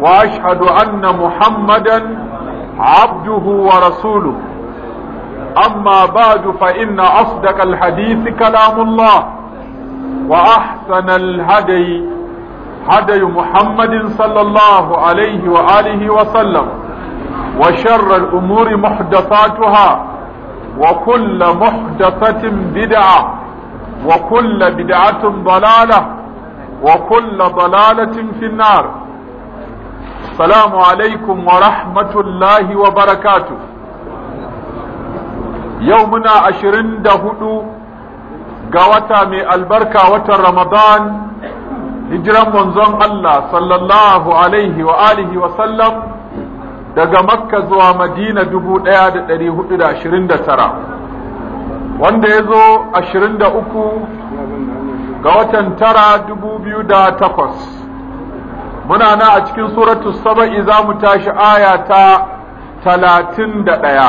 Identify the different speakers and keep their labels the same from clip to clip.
Speaker 1: وأشهد أن محمدا عبده ورسوله أما بعد فإن أصدق الحديث كلام الله وأحسن الهدي هدي محمد صلى الله عليه وآله وسلم وشر الأمور محدثاتها وكل محدثة بدعة وكل بدعة ضلالة وكل ضلالة في النار السلام عليكم ورحمة الله وبركاته يومنا عشرين دهدو قوتا من البركة وتر رمضان هجرا منظم الله صلى الله عليه وآله وسلم daga makka zuwa madina dubu ɗaya da ɗari hudu da ashirin da tara wanda ya zo ashirin da uku ga watan tara dubu biyu da takwas muna na a cikin suratu saba'i za mu tashi aya ta talatin da ɗaya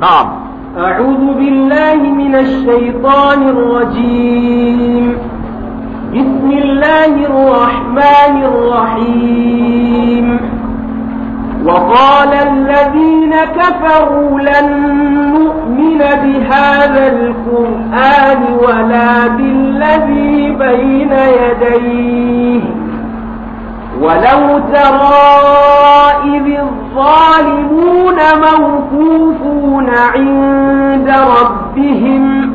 Speaker 1: na'am أعوذ
Speaker 2: بالله من الشيطان الرجيم بسم الله الرحمن الرحيم
Speaker 1: وقال
Speaker 2: الذين كفروا لن نؤمن بهذا القرآن ولا بالذي بين يديه ولو ترى إذ الظالمون موقوفون عند ربهم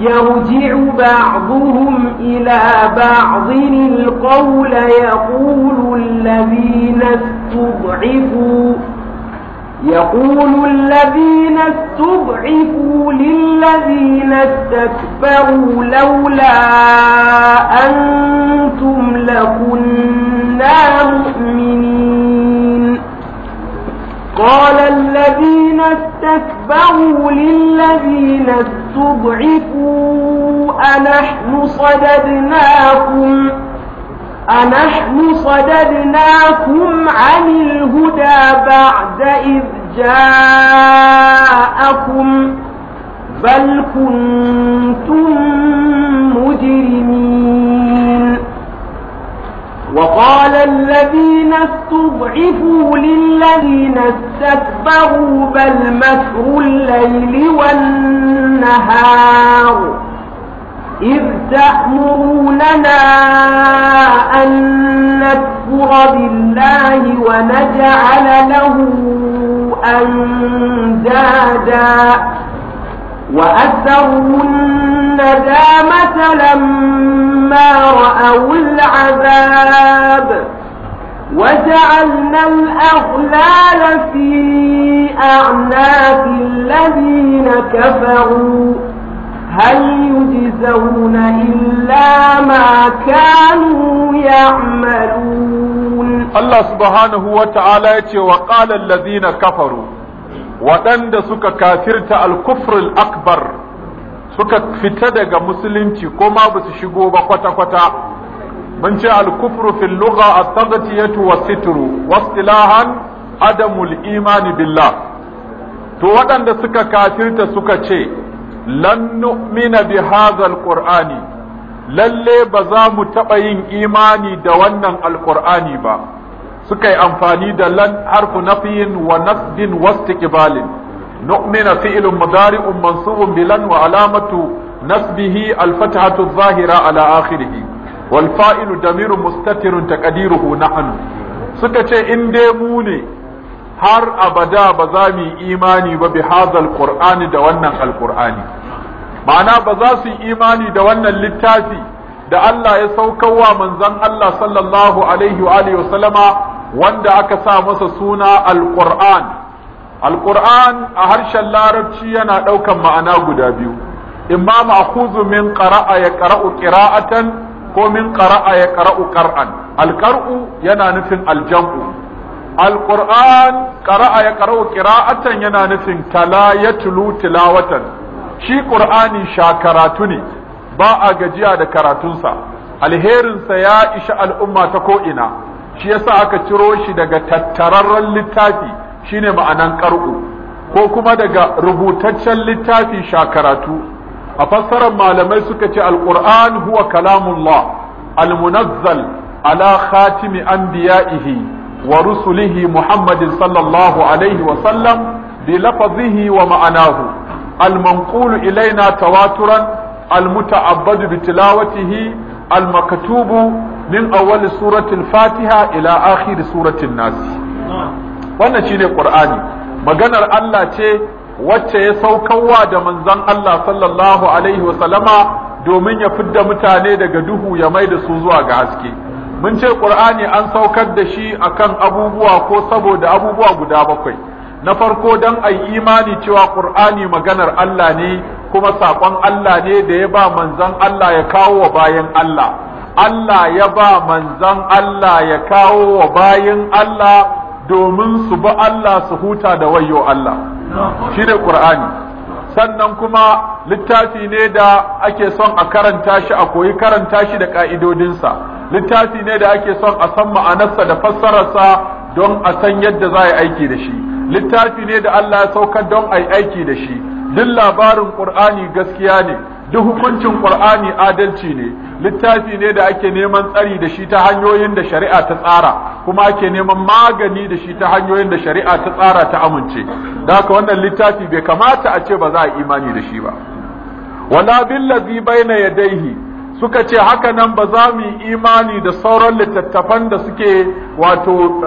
Speaker 2: يرجع بعضهم إلى بعض القول يقول الذين استضعفوا يقول الذين استضعفوا للذين استكبروا لولا أنتم لكنا مؤمنين قال الذين استكبروا للذين استضعفوا أنحن صددناكم أنحن صددناكم عن الهدى بعد إذ جاءكم بل كنتم مجرمين وقال الذين استضعفوا للذين استكبروا بل مكر الليل والنهار إذ تأمروننا أن نكفر بالله ونجعل له أندادا وأسروا الندامة لما رأوا العذاب وجعلنا الأغلال في أعناق الذين كفروا هل يجزون إلا ما كانوا يعملون
Speaker 1: الله سبحانه وتعالى وقال الذين كفروا waɗanda suka kafirta alkufrul akbar suka fita daga musulunci ko ma ba su shigo ba kwata-kwata mun ce alkufru fil lugha at-taghtiyatu wa sitru wastilahan adamul imani billah to waɗanda suka kafirta suka ce lan nu'mina bi hadzal qur'ani lalle ba za mu taɓa yin imani da wannan alqur'ani ba suka yi amfani da lan harfu nafiyin wa nasbin wastiqbalin nu'mina fi'lun mudari'un mansubun bi lan wa alamatu nasbihi alfathatu zahira ala akhirih wal fa'ilu damirun mustatirun taqdiruhu nahnu suka ce in dai mu ne har abada ba za mu yi imani ba bi hadal qur'ani da wannan alqur'ani ma'ana ba za su yi imani da wannan littafi da Allah ya saukarwa manzon Allah sallallahu alaihi wa alihi wasallama wanda aka sa masa suna alqur'an alqur'an a harshen larabci yana daukan ma'ana guda biyu imma ma'khuzu min qara'a ya qara'u qira'atan ko min qara'a ya qara'u qar'an alqar'u yana nufin aljam'u alquran qara'a ya qara'u qira'atan yana nufin tala ya tulu tilawatan shi ƙur'ani sha karatu ne ba a gajiya da karatunsa alherinsa ya isha al'umma ta ko'ina shi yasa aka ciro shi daga tattararren littafi shine ma'anan ƙar'u ko kuma daga rubutaccen littafi sha karatu a fassarar malamai suka ce alƙur'an huwa kalamullah almunazzal ala khatimi anbiya'ihi wa rusulihi Muhammadin sallallahu alaihi wa sallam bi wa ma'anahu al-manqulu ilaina tawaturan al-muta'abbadu bi tilawatihi al-maktubu min awwal surati al-Fatiha ila akhiri suratin nasi. nas wannan shine ƙur'ani. maganar Allah ce wacce ya saukarwa da manzon Allah sallallahu alaihi wa sallama domin ya fidda mutane daga duhu ya maida su zuwa ga haske mun ce qur'ani an saukar da shi akan abubuwa ko saboda abubuwa guda bakwai na farko dan ai imani cewa qur'ani maganar Allah ne kuma sakon Allah ne da ya ba manzon Allah ya kawo wa bayan Allah Allah ya ba manzon Allah ya kawo wa bayan Allah domin su bi Allah su huta da wayo Allah shi ne qur'ani sannan kuma littafi ne da ake son a karanta shi a koyi karanta shi da ka'idodinsa littafi ne da ake son a san ma'anarsa da fassararsa don a san yadda za a yi aiki da shi littafi ne da Allah ya sauka don a yi aiki da shi duk labarin Qur'ani gaskiya ne duk hukuncin Qur'ani adalci ne littafi ne da ake neman tsari da shi ta hanyoyin da shari'a ta tsara kuma ake neman magani da shi ta hanyoyin da shari'a ta tsara ta amince da haka wannan littafi bai kamata a ce ba za a imani da shi ba wala billazi baina yadayhi suka ce haka nan ba za mu yi imani da sauran littattafan da suke wato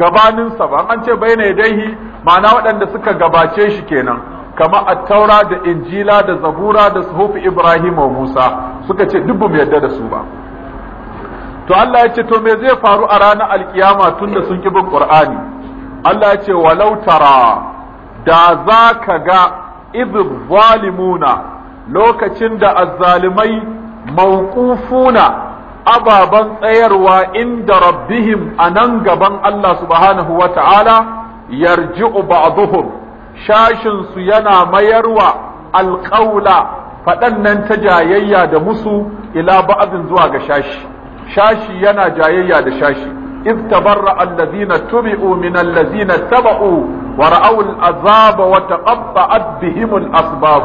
Speaker 1: gabaninsa ba an ce bai ne daihi ma'ana waɗanda suka gabace shi kenan kama taura da injila da zabura da suhufi ibrahim wa musa suka ce duk yadda da su ba to Allah ya ce to me zai faru a ranar alkiyama tunda sun ki bin qur'ani Allah ya ce walau tara da za ka ga idh zalimuna lokacin da azzalimai mawqufuna ababan tsayarwa inda rabbihim nan gaban Allah subhanahu wata'ala yarji'u ba'dhum shashin su yana mayarwa alƙaula Faɗan nan ta jayayya da musu ila ba'azin zuwa ga shashi shashi yana jayayya da shashi iz tabarra alladhina tubi'u min alladhina taba'u ورأوا العذاب وتقطعت بهم الأسباب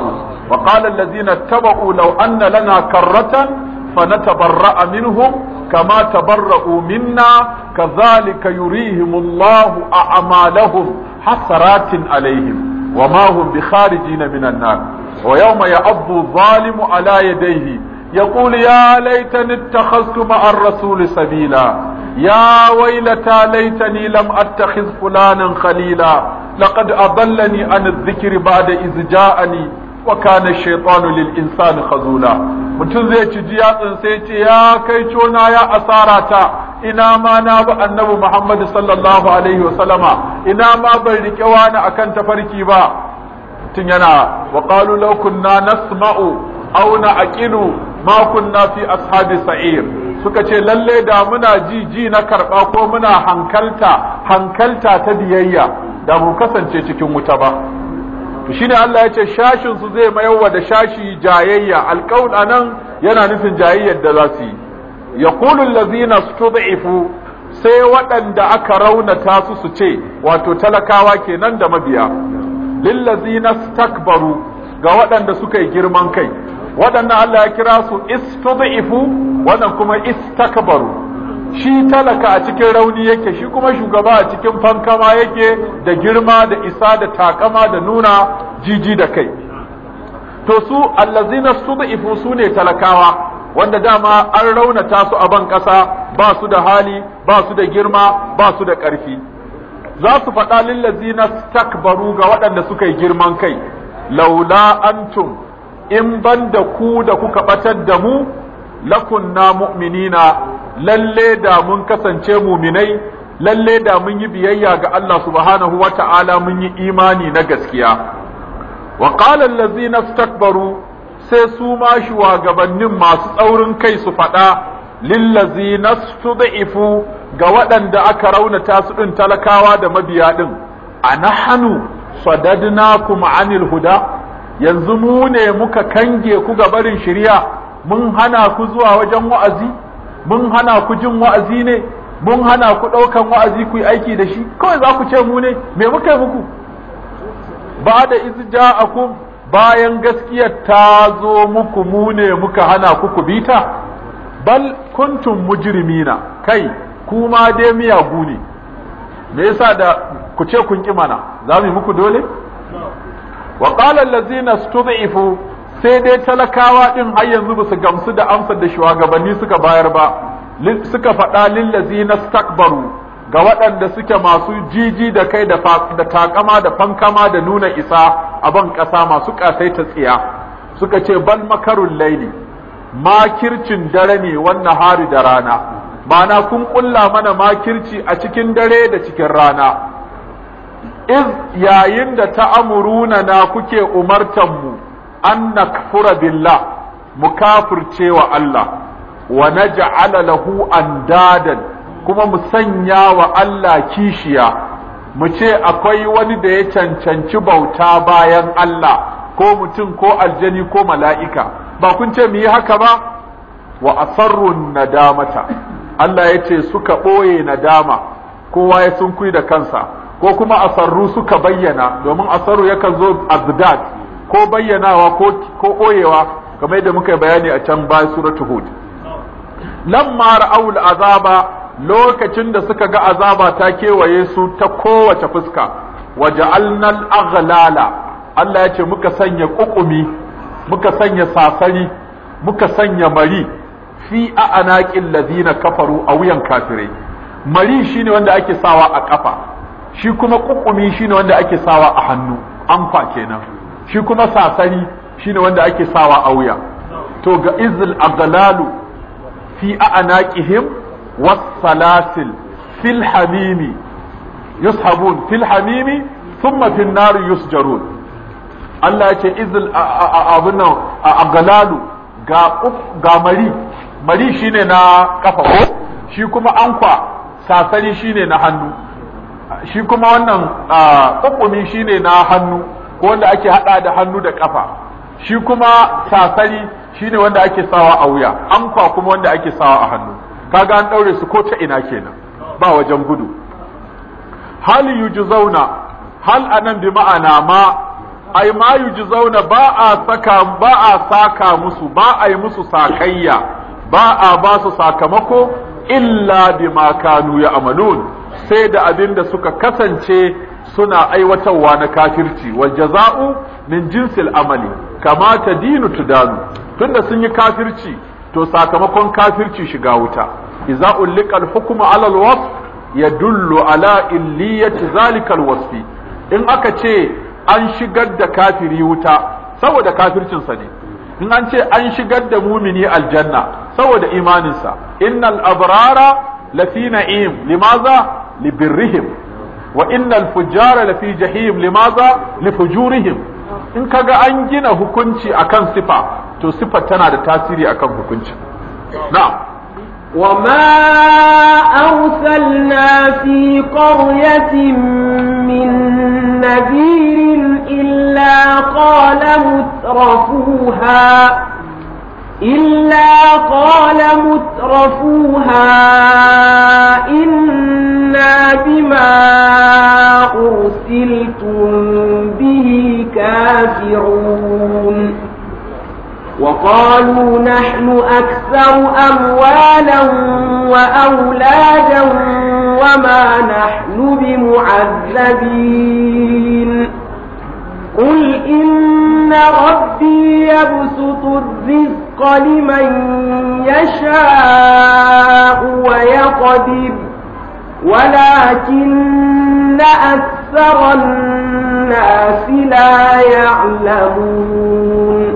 Speaker 1: وقال الذين اتبعوا لو أن لنا كرة فنتبرأ منهم كما تبرأوا منا كذلك يريهم الله أعمالهم حسرات عليهم وما هم بخارجين من النار ويوم يعض الظالم على يديه يقول يا ليتني اتخذت مع الرسول سبيلا يا ويلتى ليتني لم أتخذ فلانا خليلا لقد أضلني عن الذكر بعد إذ جاءني وكان الشيطان للإنسان خذولا mutum zai ci jiya sai ce ya kai cona ya asarata ina ma na bi annabi Muhammad sallallahu alaihi ina ma ban rike wani akan tafarki ba tun yana wa qalu law kunna nasma'u aw na'qilu ma kunna fi ashabi sa'ir suka ce lalle da muna ji ji na karɓa ko muna hankalta hankalta ta biyayya da mu kasance cikin wuta ba to shine Allah ya ce shashin su zai mayarwa da shashi jayayya alqaul anan yana nufin jayayyar da za su yi yaqulu allazina stud'ifu sai waɗanda aka raunata su su ce wato talakawa kenan da mabiya lillazina stakbaru ga waɗanda suka yi girman kai waɗannan Allah ya kira su istud'ifu wannan kuma istakbaru shi talaka a cikin rauni yake shi kuma shugaba a cikin fankama yake da girma da isa da takama da nuna jiji da kai to su allazina su sune talakawa wanda dama an raunata su a ban ƙasa ba su da hali ba su da girma ba su da ƙarfi za su faɗa lillazina stakbaru ga waɗanda suka yi girman kai laula antum in ban da ku da kuka batar da mu lakunna mu'minina lalle da mun kasance muminai lalle da mun yi biyayya ga Allah subhanahu wata'ala mun yi imani na gaskiya wa qala allazina sai su ma shugabannin masu tsaurin kai su faɗa lillazina stud'ifu ga waɗanda aka raunata su ɗin talakawa da mabiya ɗin a nahanu sadadnakum anil huda yanzu mu ne muka kange ku ga barin shari'a mun hana ku zuwa wajen wa'azi mun hana ku jin wa'azi ne mun hana ku ɗaukan wa'azi ku yi aiki da shi kawai za ku ce mu ne me muka yi muku ba da ja izja'akum bayan gaskiya ta zo muku mu ne muka hana ku ku bi ta bal kuntum mujrimina kai kuma dai miyagu ne me yasa da ku ce kun ƙi mana za mu yi muku dole wa qala allazina stud'ifu sai dai talakawa din har yanzu ba su gamsu da amsar da shugabanni suka bayar ba suka faɗa lillazina stakbaru ga waɗanda suke masu jiji da kai da takama da fankama da nuna isa a ban ƙasa masu ƙasai ta tsiya suka ce bal makarun laili makircin dare ne wannan hari da rana mana kun ƙulla mana makirci a cikin dare da cikin rana iz yayin da ta'amuruna na kuke umartan mu an nakfura billah mu kafurce wa Allah wa naj'ala lahu dadan kuma mu sanya wa Allah kishiya mu ce akwai wani da ya cancanci bauta bayan Allah ko mutum ko aljani ko mala'ika ba kun ce mu yi haka ba wa asarrun nadamata Allah ya ce suka ɓoye nadama kowa ya sunkuyi da kansa ko kuma asarru suka bayyana domin asarru yakan zo azdad ko bayyanawa ko ko koyewa kamar yadda muka bayani a can bayan suratu hud lamma ra'aul azaba lokacin da suka ga azaba ta kewaye su ta kowace fuska waja'alna al-aghlala Allah ya ce muka sanya kukumi muka sanya sasari muka sanya mari fi a anaƙin kafaru a wuyan kafirai mari shine wanda ake sawa a ƙafa shi kuma kukumi shine wanda ake sawa a hannu amfa kenan shi kuma sasari shine wanda ake sawa a wuya to ga izil aghlalu fi a'naqihim was salasil fil hamimi yushabun fil hamimi thumma Nari, nar yusjarun Allah ya ce izil abunan nan aghlalu ga ga mari mari shine na kafa ko shi kuma ankwa sasari shine na hannu shi kuma wannan tsakumi shine na hannu ko wanda ake hada da hannu da kafa shi kuma sasari shine wanda ake sawa a wuya amfa kuma wanda ake sawa a hannu kaga an daure su ko ta ina kenan ba wajen gudu hal yujzauna hal anan bi ma'ana ma ai ma yujzauna ba a saka ba a saka musu ba a yi musu sakayya ba a ba su sakamako illa bima kanu ya'malun sai da abin da suka kasance suna aiwatarwa na kafirci wal jaza'u min jinsil amali kama dinu tudanu tunda sun yi kafirci to sakamakon kafirci shiga wuta iza ulika al-hukmu ala al-wasf yadullu ala illiyati zalika al in aka ce an shigar da kafiri wuta saboda kafircinsa ne in an ce an shigar da mumini aljanna saboda imaninsa innal abrara lafi na'im limaza libirrihim wa innal fujjara lafi jahim limaza lifujurihim in kaga an gina hukunci akan sifa to sifa tana da tasiri akan hukunci na'am وما أرسلنا
Speaker 2: في قرية من نذير إلا قال مترفوها إلا قال مترفوها إنا بما أرسلتم به كافرون وقالوا نحن أكثر أموالا وأولادا وما نحن بمعذبين قل إن ربي يبسط الرزق لمن يشاء ويقدر ولكن أكثر الناس لا يعلمون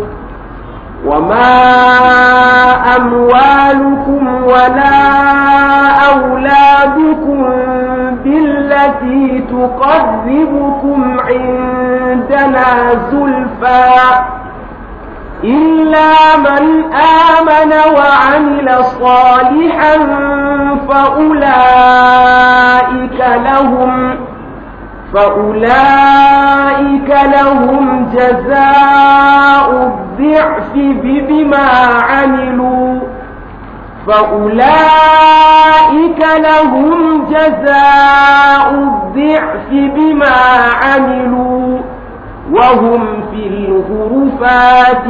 Speaker 2: وما أموالكم ولا أولادكم بالتي تقربكم عند لنا زلفا إلا من آمن وعمل صالحا فأولئك لهم فأولئك لهم جزاء الضعف بما عملوا فأولئك لهم جزاء الضعف بما عملوا وهم في الغرفات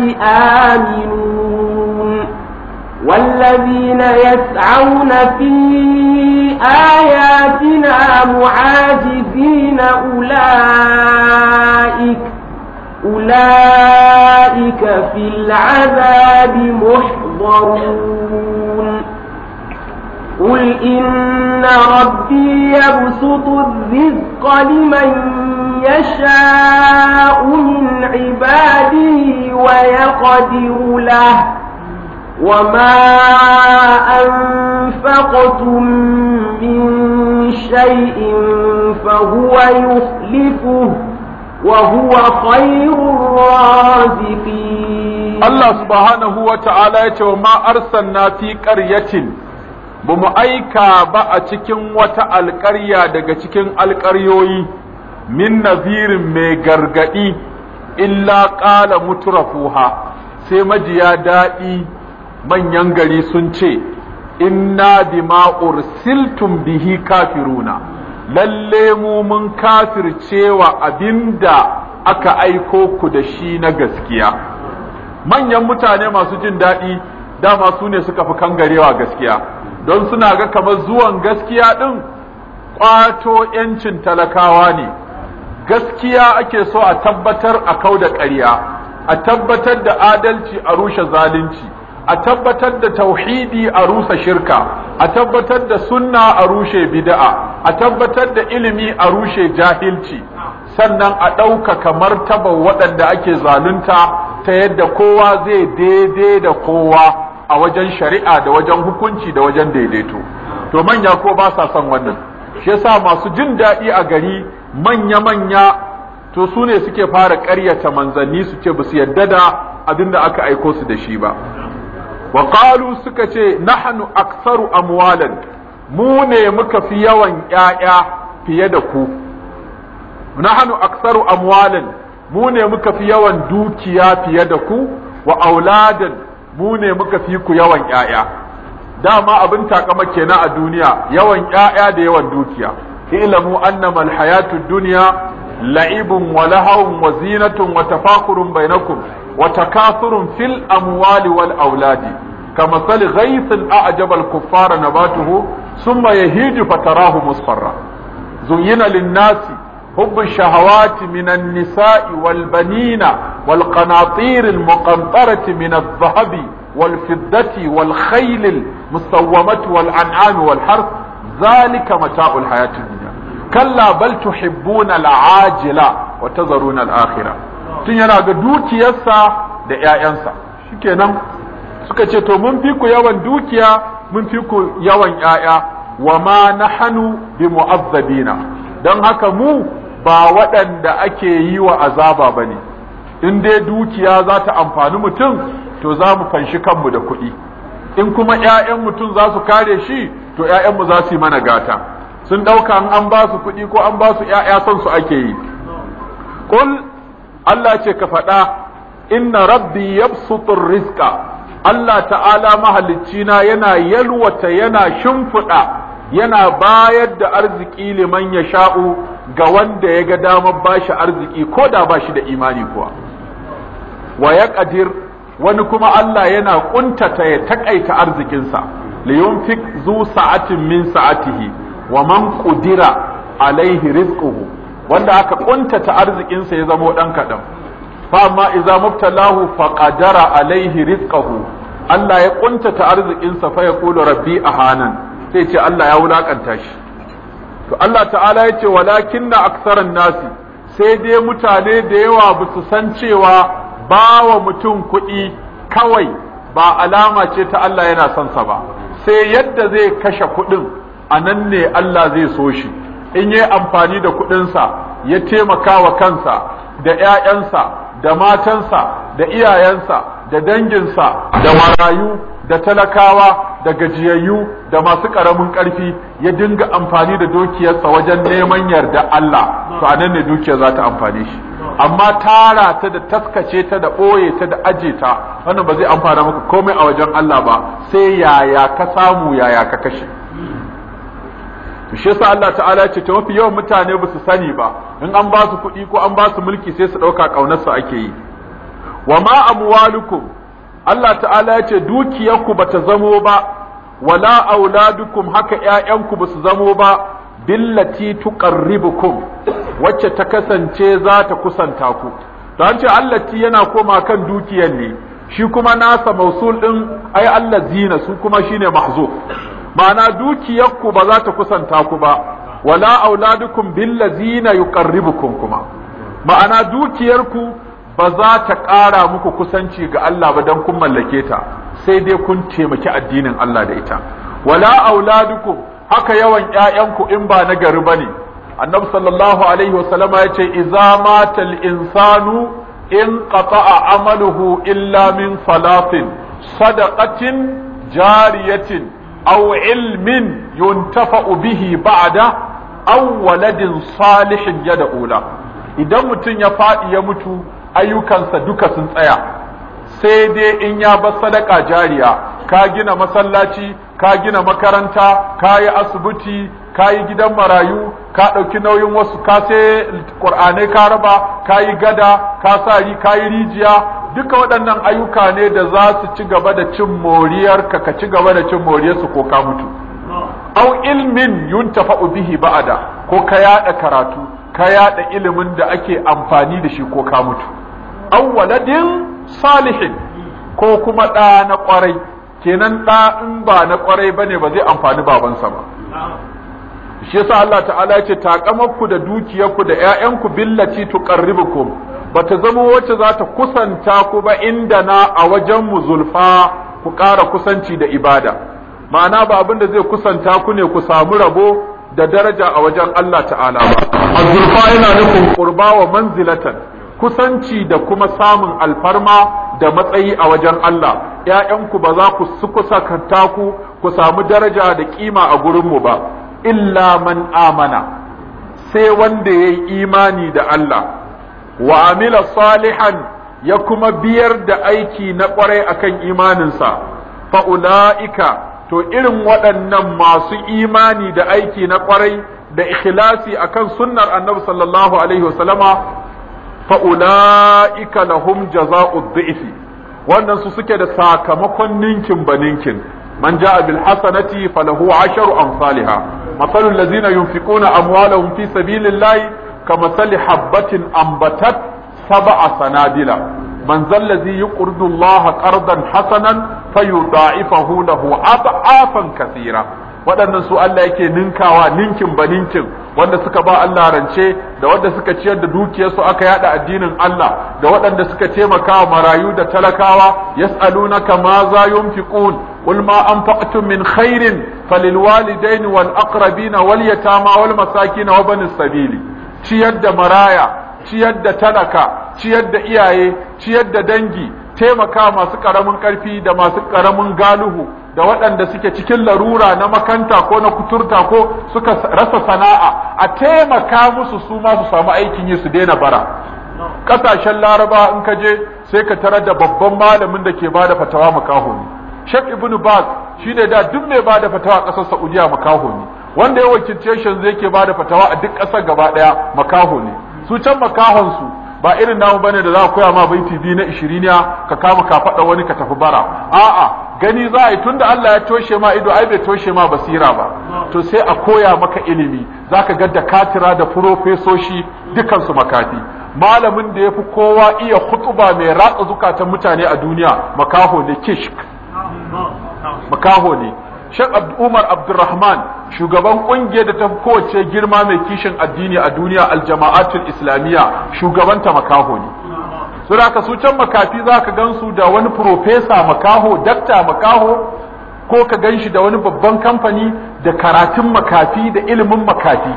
Speaker 2: آمنون والذين يسعون في آياتنا معاجزين أولئك أولئك في العذاب محضرون قل إن ربي يبسط الرزق لمن يشاء من عباده ويقدر له وما أنفقتم من شيء فهو يخلفه وهو خير الرازقين
Speaker 1: الله سبحانه وتعالى وما أرسلنا في قرية ba mu aika ba a cikin wata alƙarya daga cikin alƙaryoyi min nazirin mai gargaɗi illa ƙala muturafuha sai majiya daɗi manyan gari sun ce inna bima ursiltum bihi kafiruna lalle mu mun kafircewa abinda aka aiko ku da shi na gaskiya manyan mutane masu jin daɗi dama su ne suka fi kangarewa gaskiya don suna ga kamar zuwan gaskiya ɗin ƙwato ‘yancin talakawa ne gaskiya ake so a tabbatar a kau da ƙarya a tabbatar da adalci a rushe zalunci a tabbatar da tauhidi a rusa shirka a tabbatar da sunna a rushe bida'a, a tabbatar da ilimi a rushe jahilci sannan a ɗaukaka martaba waɗanda ake zalunta ta yadda kowa zai daidai da kowa a wajen shari'a da wajen hukunci da wajen daidaito to manya ko ba sa son wannan shi yasa masu jin daɗi a gari manya-manya to su suke fara ƙaryata manzanni su ce su yarda da abin da aka aiko su da shi ba wa qalu suka ce nahnu aktsaru amwalan mu ne muka fi yawan ƴaƴa fiye da ku nahnu aktsaru amwalan mu ne muka fi yawan dukiya fiye da ku wa auladan mu ne muka fi ku yawan ƴaƴa dama abin takama kenan a duniya yawan ƴaƴa da yawan dukiya ilamu annama alhayatu duniya la'ibin wa lahawun wa zinatun wa tafakurun bainakum wa fil amwali wal auladi kama sali ghaythin a'jaba al kuffara nabatuhu thumma yahiju fatarahu musfarra zuyina linnasi حب الشهوات من النساء والبنين والقناطير المقنطرة من الذهب والفضة والخيل المسومة والأنعام والحرث ذلك متاع الحياة الدنيا كلا بل تحبون العاجلة وتذرون الآخرة تنينا دوكي يسا دعيا ينسى شكرا suka ce to mun fi ku yawan dukiya mun fi ku yawan ‘ya'ya wa ma na hannu bi mu'azzabina don haka mu ba waɗanda ake yi wa azaba ba ne in dai dukiya za ta amfani mutum to za mu fanshi kanmu da kuɗi in kuma 'ya'yan mutum za su kare shi to 'ya'yanmu za su yi mana gata sun ɗauka an ba su kuɗi ko an ba su 'ya'ya son su ake yi kul Allah ce ka faɗa inna rabbi yabsutur rizqa Allah ta'ala mahalicci na yana yalwata yana shimfiɗa yana bayar da arziki liman ya sha'u ga wanda ya ga damar ba shi arziki ko da ba shi da imani kuwa wa ya ƙadir wani kuma Allah yana ƙuntata ya taƙaita arzikinsa liumfik zu sa'atin min sa'atihi wa man a alaihi rizquhu wanda aka ƙuntata arzikinsa ya zamo ɗan kaɗan fa amma muftalahu faƙadara a alaihi rizquhu Allah ya ƙuntata arzikinsa fa yaqulu rabbi a ahanan sai ce Allah ya wulakanta shi to Allah ta'ala ya ce walakin na aksaran nasi sai dai mutane da yawa ba su san cewa ba wa mutum kuɗi kawai ba alama ce ta Allah yana son sa ba sai yadda zai kashe kuɗin a ne Allah zai so shi in yi amfani da kuɗinsa ya taimaka wa kansa da 'ya'yansa da matansa da iyayensa da danginsa da marayu da talakawa da gajiyayyu da masu ƙaramin ƙarfi ya dinga amfani da dukiyarsa wajen neman yarda Allah to anan ne dukiyar za ta amfane shi amma tara ta da taskace ta da ɓoye ta da aje ta wannan ba zai amfana maka komai a wajen Allah ba sai yaya ka samu yaya ka kashe to shi yasa Allah ta'ala ce ta mafi yawan mutane ba su sani ba in an ba su kuɗi ko an ba su mulki sai su ɗauka ƙaunarsa ake yi wa ma amwalukum Allah ta'ala ya ce dukiyarku ba ta zamo ba wala auladukum haka ‘ya'yanku ba su zamo ba billati tuqarribukum wacce ta kasance za ta kusanta ku an ce allati yana koma kan dukiyar ne shi kuma nasa mausul ɗin ai zina su kuma shine mahzu ma'ana dukiyarku ba za ta kusanta ku ba wala auladukum billazina yuqarribukum kuma ma'ana dukiyarku ba za ta ƙara muku kusanci ga Allah ba don kun mallake ta sai dai kun taimaki addinin Allah da ita wala auladukum haka yawan ƴaƴanku in ba na gari bane annabi sallallahu alaihi wasallama ya ce idza mata insanu in qata'a amaluhu illa min salatin sadaqatin jariyatin aw ilmin yuntafa'u bihi ba'da aw waladin salihin yad'ula idan mutum ya faɗi ya mutu ayyukansa duka sun tsaya sai dai in ya bar sadaka jariya ka gina masallaci ka gina makaranta ka yi asibiti ka yi gidan marayu ka ɗauki nauyin wasu ka sai ƙur'anai ka raba ka yi gada ka sa ri ka yi rijiya duka waɗannan ayyuka ne da za su ci gaba da cin moriyarka ka ka ci gaba da cin moriyarsu ko ka mutu au ilmin yuntafa'u bihi ba'ada ko ka yada karatu ka yada ilimin da ake amfani da shi ko ka mutu au waladin salihin ko kuma ɗa na kwarai kenan ɗa in ba na kwarai bane ba zai amfani babansa ba shi yasa Allah ta'ala ya ce takamakku da dukiyarku da ƴaƴanku billati tuqarribukum bata zama wacce za ta kusanta ku ba inda na a wajen mu zulfa ku ƙara kusanci da ibada ma'ana ba abin da zai kusanta ku ne ku samu rabo da daraja a wajen Allah ta'ala ba azurfa yana nufin qurba wa manzilatan kusanci da kuma samun alfarma da matsayi a wajen Allah ƴaƴanku ba za ku su kanta ku ku samu daraja da kima a gurin mu ba illa man amana sai wanda yayi imani da Allah wa amila salihan ya kuma biyar da aiki na kwarai akan imaninsa fa'ula'ika to irin waɗannan masu imani da aiki na ƙwarai da ikhlasi akan sunnar annabi sallallahu alaihi wasallama fa ulaika lahum jazaa'u dhi'fi wannan su suke da sakamakon ninkin baninkin man ja'a bil hasanati falahu asharu amsalha masalul ladzina yunfiquna amwalahum fi sabilillahi kamathali habatin ambatat sab'a sanadila man zal ladzi yuqridu Allah qardan hasanan fayudha'ifahu lahu afan kathira waɗannan su Allah yake ninkawa ninkin ba ninkin wanda suka ba Allah rance da wanda suka ciyar da dukiyarsu aka yada addinin Allah da waɗanda suka taimaka marayu da talakawa yas'alunaka ma za yunfiqun qul ma anfaqtum min khairin falilwalidaini wal aqrabina wal yatama wal masakin wa banis sabili ciyar da maraya ciyar da talaka ciyar da iyaye ciyar da dangi taimaka masu ƙaramin ƙarfi da masu ƙaramin galuhu da waɗanda suke cikin larura na makanta ko na kuturta ko suka rasa sana'a a taimaka musu su ma su samu aikin yi su daina bara ƙasashen laraba in ka je sai ka tarar da babban malamin da ke ba da fatawa makaho ne shek ibn baz ne da duk mai ba da fatawa ƙasar saudiya makaho ne wanda ya wakilce shi zai ke ba da fatawa a duk ƙasar gaba ɗaya makaho ne su can makahon ba irin namu bane da za ka koya ma baiti biyu na ishiriniya ka kama ka faɗa wani ka tafi bara a'a gani za a yi tunda Allah ya toshe ma ido ai bai toshe ma basira ba to sai a koya maka ilimi zaka ga da katira da furofesoshi dukan su makafi malamin da yafi kowa iya khutuba mai ratsa zukatan mutane a duniya makaho ne kishk makaho ne Sheikh Umar Abdulrahman shugaban kungiyar da ta kowace girma mai kishin addini a duniya aljama'atul islamiyya shugabanta makaho ne sura ka su can makafi zaka gansu da wani profesa makaho dakta makaho ko ka ganshi da wani babban kamfani da karatun makafi da ilimin makafi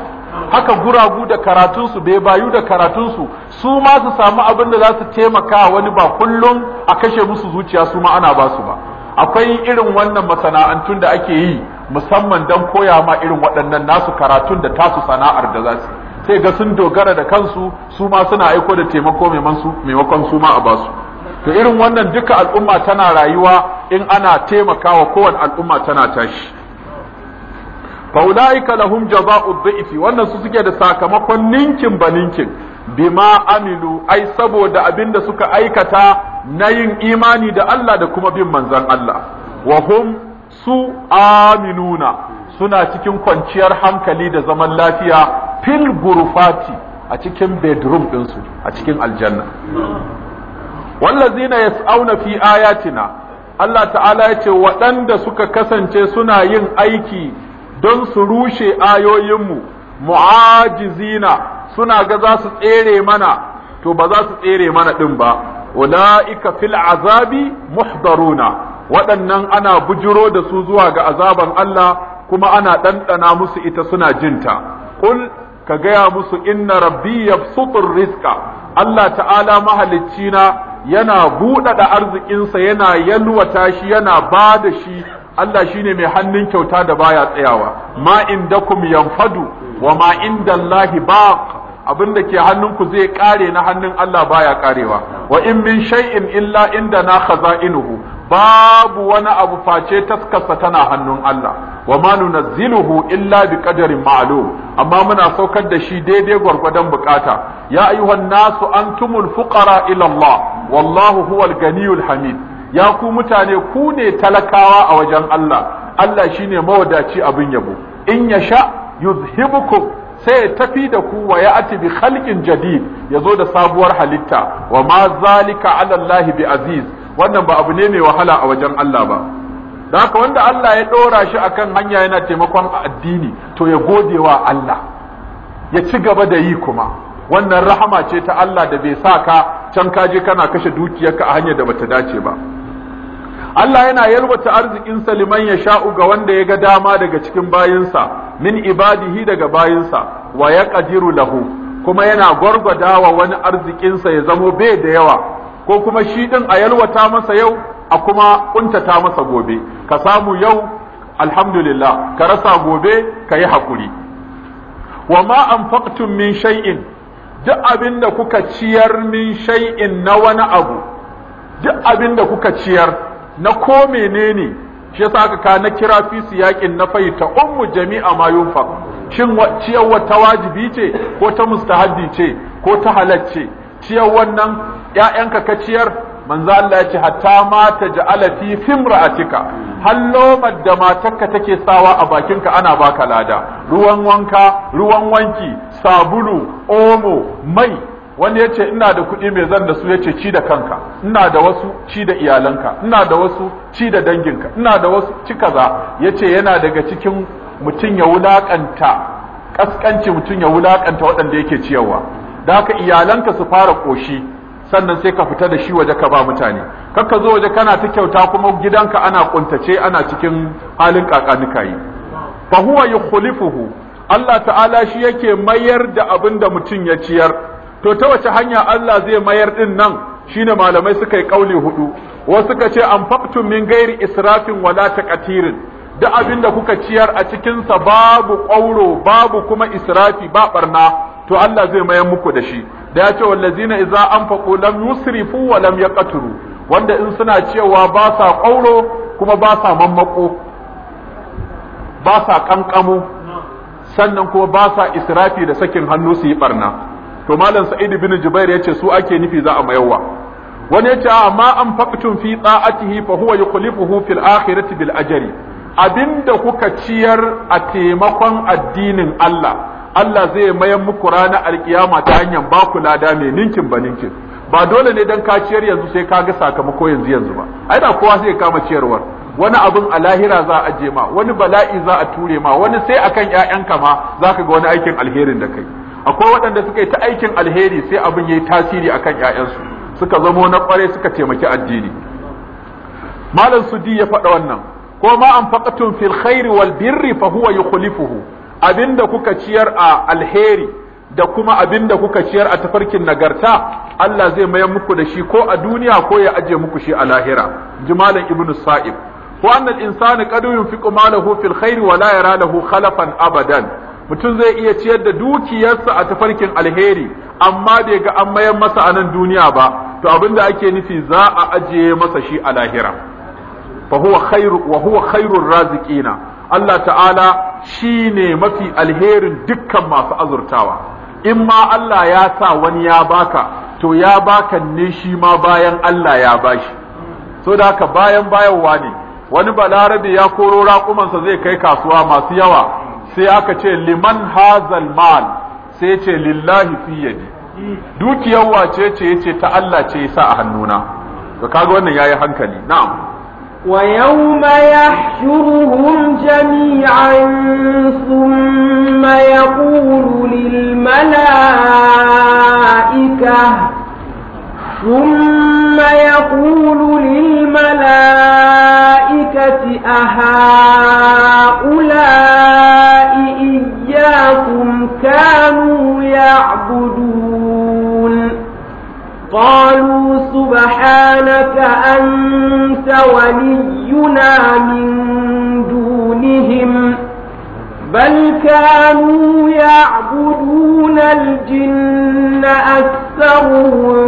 Speaker 1: haka guragu da karatunsu bai bayu da karatunsu su ma su samu abin da za su taimaka wani ba kullum a kashe musu zuciya su ma ana ba su ba akwai irin wannan masana'antun da ake yi musamman don koya ma irin waɗannan nasu karatun da tasu sana'ar da za su sai ga sun dogara da kansu su ma suna aiko da taimako maimakon su ma a basu to irin wannan duka al'umma tana rayuwa in ana taimakawa kowane al'umma tana tashi faulaika lahum jaza'u dhi'fi wannan su suke da sakamakon ninkin ba ninkin bima amilu ai saboda abin da suka aikata na yin imani da Allah da kuma bin manzan Allah wa hum su aminuna suna cikin kwanciyar hankali da zaman lafiya fil gurfati a cikin bedroom ɗinsu a cikin aljanna wallazina yas'auna fi ayatina Allah ta'ala ya ce waɗanda suka kasance suna yin aiki don su rushe ayoyinmu mu'ajizina suna ga za su tsere mana to ba za su tsere mana ɗin ba ula'ika fil azabi muhdaruna waɗannan ana bujiro da su zuwa ga azaban Allah kuma ana ɗanɗana musu ita suna jinta Kul ka gaya musu inna rabbi yabsutur rizqa Allah ta'ala mahalicci na yana buɗaɗa arzikinsa yana yalwata shi yana ba da shi Allah shine mai hannun kyauta da baya tsayawa ma indakum yanfadu wa ma indallahi baq abin da ke hannunku zai kare na hannun Allah baya karewa wa in min shay'in illa inda na khaza'inuhu babu wani abu face taskarsa tana hannun Allah wa ma nunazziluhu illa bi qadarin ma'lum amma muna saukar da shi daidai gwargwadon bukata ya ayyuhan nasu antumul fuqara ila Allah wallahu huwal ganiyul hamid ya ku mutane ku ne talakawa a wajen Allah Allah shine mawadaci abin yabo in ya sha yuzhibukum sai ya tafi da ku wa ya atibi bi khalqin jadid zo da sabuwar halitta wa ma zalika ala Allah bi aziz wannan ba abu ne mai wahala a wajen Allah ba da haka wanda Allah ya dora shi akan hanya yana taimakon addini to ya gode wa Allah ya ci gaba da yi kuma wannan rahama ce ta Allah da bai sa ka can kaje kana kashe dukiyarka a hanyar da bata dace ba Allah yana yalwata arzikin saliman ya sha'u ga wanda ya ga dama daga cikin bayinsa min ibadihi daga bayinsa wa ya ƙajiru lahu kuma yana gwargwadawa wani arzikinsa ya zamo bai da yawa ko kuma shi ɗin a yalwata masa yau a kuma ƙuntata masa gobe ka samu yau alhamdulillah ka rasa gobe ka yi haƙuri. wa ma anfaqtum min shay'in duk abin da kuka ciyar min shay'in na wani abu duk abin da kuka ciyar na ko menene shi yasa aka ka na kira fi siyaƙin na fai ummu jami'a ma yunfa shin ciyarwa ta wajibi ce ko ta mustahabi ce ko ta halacce Ciyar wannan ƴaƴanka ka ciyar manzo Allah ya ce hatta ma ta ja'ala fi fimra'atika hallomar da matarka take sawa a bakinka ana baka lada ruwan wanka ruwan wanki sabulu omo mai wani ya ce ina da kuɗi mai zan da su ya ce ci da kanka ina da wasu ci da iyalanka ina da wasu ci da danginka ina da wasu ci kaza ya ce yana daga cikin mutum ya wulaƙanta ƙasƙanci mutum ya wulaƙanta waɗanda yake ciyarwa da haka iyalanka su fara ƙoshi sannan sai ka fita da shi waje ka ba mutane kakka zo waje kana ta kyauta kuma gidanka ana kuntace ana cikin halin ƙaƙanuka yi fa huwa yukhlifuhu Allah ta'ala shi yake mayar da abin da mutum ya ciyar to ta wace hanya Allah zai mayar din nan shine malamai suka yi kauli hudu wasu ka ce anfaqtum min gairi israfin wala takatirin. da abin da kuka ciyar a cikin sa babu ƙauro, babu kuma israfi ba barna to Allah zai mayar muku da shi da ya ce wallazina idza anfaqu lam yusrifu wa lam yaqturu wanda in suna cewa ba sa kwauro kuma ba sa mammako ba sa kankamo sannan kuma ba sa israfi da sakin hannu su yi barna to malam sa'id bin jubair yace su ake nufi za a wa? wani yace amma an faqtum fi ta'atihi fa huwa yukhlifuhu fil akhirati bil ajri abinda kuka ciyar a taimakon addinin Allah Allah zai mayar muku ranar alkiyama ta hanyar ba ku lada mai ninkin ba ninkin ba dole ne dan ka ciyar yanzu sai ka ga sakamako yanzu yanzu ba ai da kowa sai kama ciyarwar wani abin a lahira za a je ma wani bala'i za a ture ma wani sai akan ƴaƴanka ma zaka ga wani aikin alherin da kai akwai waɗanda suka yi ta aikin alheri sai abin ya yi tasiri akan 'ya'yansu, suka zamo na ƙware suka taimaki addini malam sudi ya faɗa wannan ko ma an fil khairi wal birri fa huwa yukhlifuhu abinda kuka ciyar a alheri da kuma abinda kuka ciyar a tafarkin nagarta Allah zai mayar muku da shi ko a duniya ko ya aje muku shi a lahira ji malam ibnu sa'ib wa annal insanu qad yunfiqu malahu fil khairi wa la yara lahu khalafan abadan mutum zai iya ciyar da dukiyarsa a tafarkin alheri amma bai ga an mayar masa a nan duniya ba to abin da ake nufi za a ajiye masa shi a lahira fa huwa khairu wa huwa khairur raziqina Allah ta'ala shine mafi alherin dukkan masu azurtawa in ma Allah ya sa wani ya baka to ya baka ne shi ma bayan Allah ya bashi so da haka bayan bayan wani wani balarabe ya koro raƙumansa zai kai kasuwa masu yawa sai aka ce liman hazal mal sai ya ce lillahi fi yadi dukiyar wace ce yace ta Allah ce ya sa a hannuna to kaga wannan yayi hankali na'am
Speaker 2: wa yawma yahshuruhum jami'an thumma yaqulu lil malaika ثم يقول للملائكة أهؤلاء أنهم كانوا يعبدون قالوا سبحانك أنت ولينا من دونهم بل كانوا يعبدون الجن أكثرهم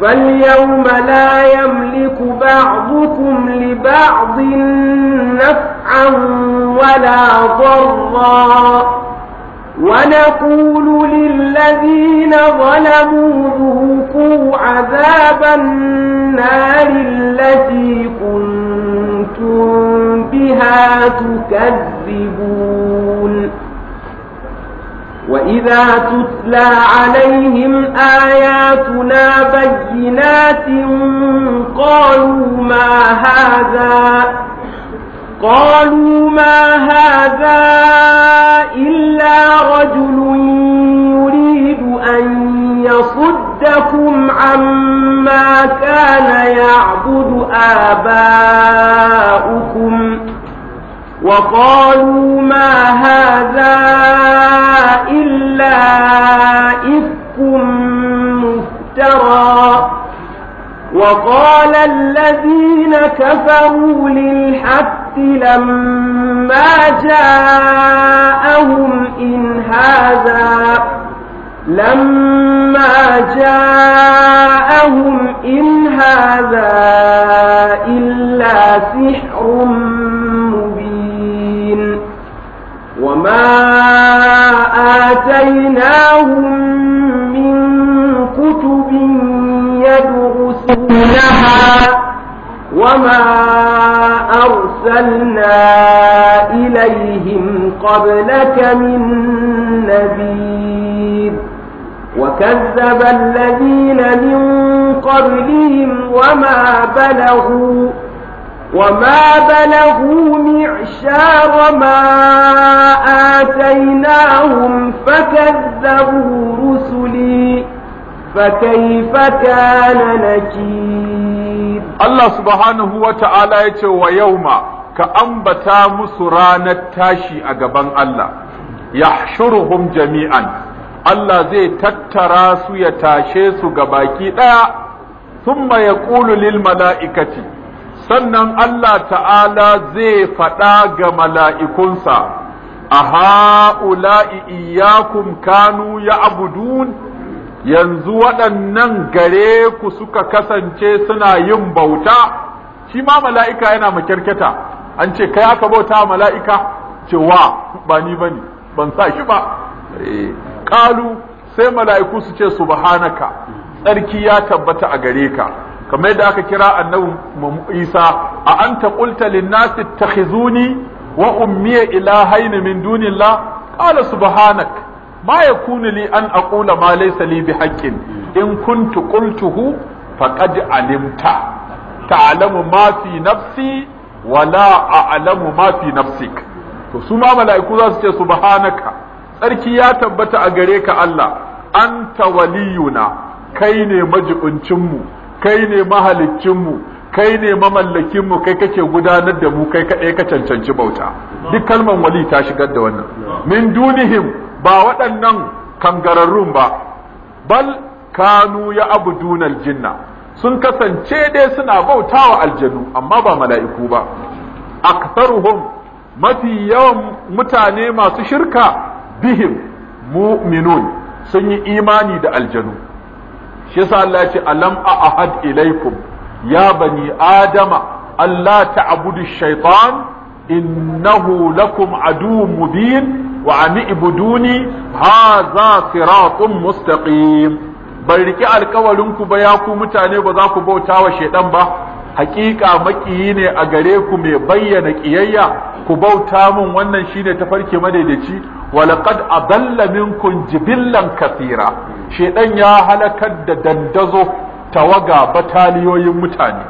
Speaker 2: فاليوم لا يملك بعضكم لبعض نفعا ولا ضرا ونقول للذين ظلموا ذوقوا عذاب النار التي كنتم بها تكذبون وإذا تتلى عليهم آياتنا بينات قالوا ما هذا قالوا ما هذا إلا رجل يريد أن يصدكم عما كان يعبد آباؤكم وقالوا ما هذا إلا إفك مفترى وقال الذين كفروا للحق لما جاءهم إن هذا لما جاءهم إن هذا إلا سحر وما آتيناهم من كتب يدرسونها وما أرسلنا إليهم قبلك من نذير وكذب الذين من قبلهم وما بلغوا وما بلغوا معشار ما آتيناهم فكذبوا رسلي فكيف كان نكير
Speaker 1: الله سبحانه وتعالى يتوى ويوم كأنبتا مسران التاشي أقبان الله يحشرهم جميعا الله زي تترى سوية تاشيس قباكي لا ثم يقول للملائكة sannan Allah ta'ala zai faɗa ga mala'ikunsa a ha'ula'i iyakum kanu ya abudun yanzu waɗannan gare ku suka kasance suna yin bauta shi ma mala'ika yana makyarketa an ce kai aka bauta mala'ika cewa ba ni ba ne ban sa shi ba eh, ƙalu sai mala'iku su ce subhanaka tsarki ya tabbata a gare ka kamar yadda aka kira annabi Isa a anta qulta lin-nasi ittakhizuni wa ummi ilahayn min dunillah qala subhanak ma yakunu li an aqula ma laysa li bihaqqin in kuntu qultuhu faqad alimta ta'lamu ma fi nafsi wa la a'lamu ma fi nafsik to su ma mala'iku za su ce subhanaka tsarki ya tabbata a gare ka Allah anta waliyuna kai ne majibincin mu kai ne mahalicinmu kai ne mamallakinmu kai kake gudanar da mu kai kaɗai ka cancanci bauta duk kalman wali ta shigar da wannan min dunihim ba waɗannan kangararrun ba bal kanu ya abuduna aljinna sun kasance dai suna bautawa aljanu amma ba mala'iku ba aktharuhum mafi yawan mutane masu shirka bihim mu'minun sun yi imani da aljanu shi yasa Allah ce alam ahad ilaikum ya bani adama alla ta'budu shaytan innahu lakum adu mubin wa an ibuduni hadha siratun mustaqim bar riki alkawarin ku ba ya ku mutane ba za ku bauta wa shaydan ba haƙiƙa maƙiyi ne a gare ku mai bayyana ƙiyayya ku bauta mun wannan shine tafarki madaidaici walaqad adalla minkum jibillan kathira shedan ya halakar da dandazo tawaga bataliyoyin mutane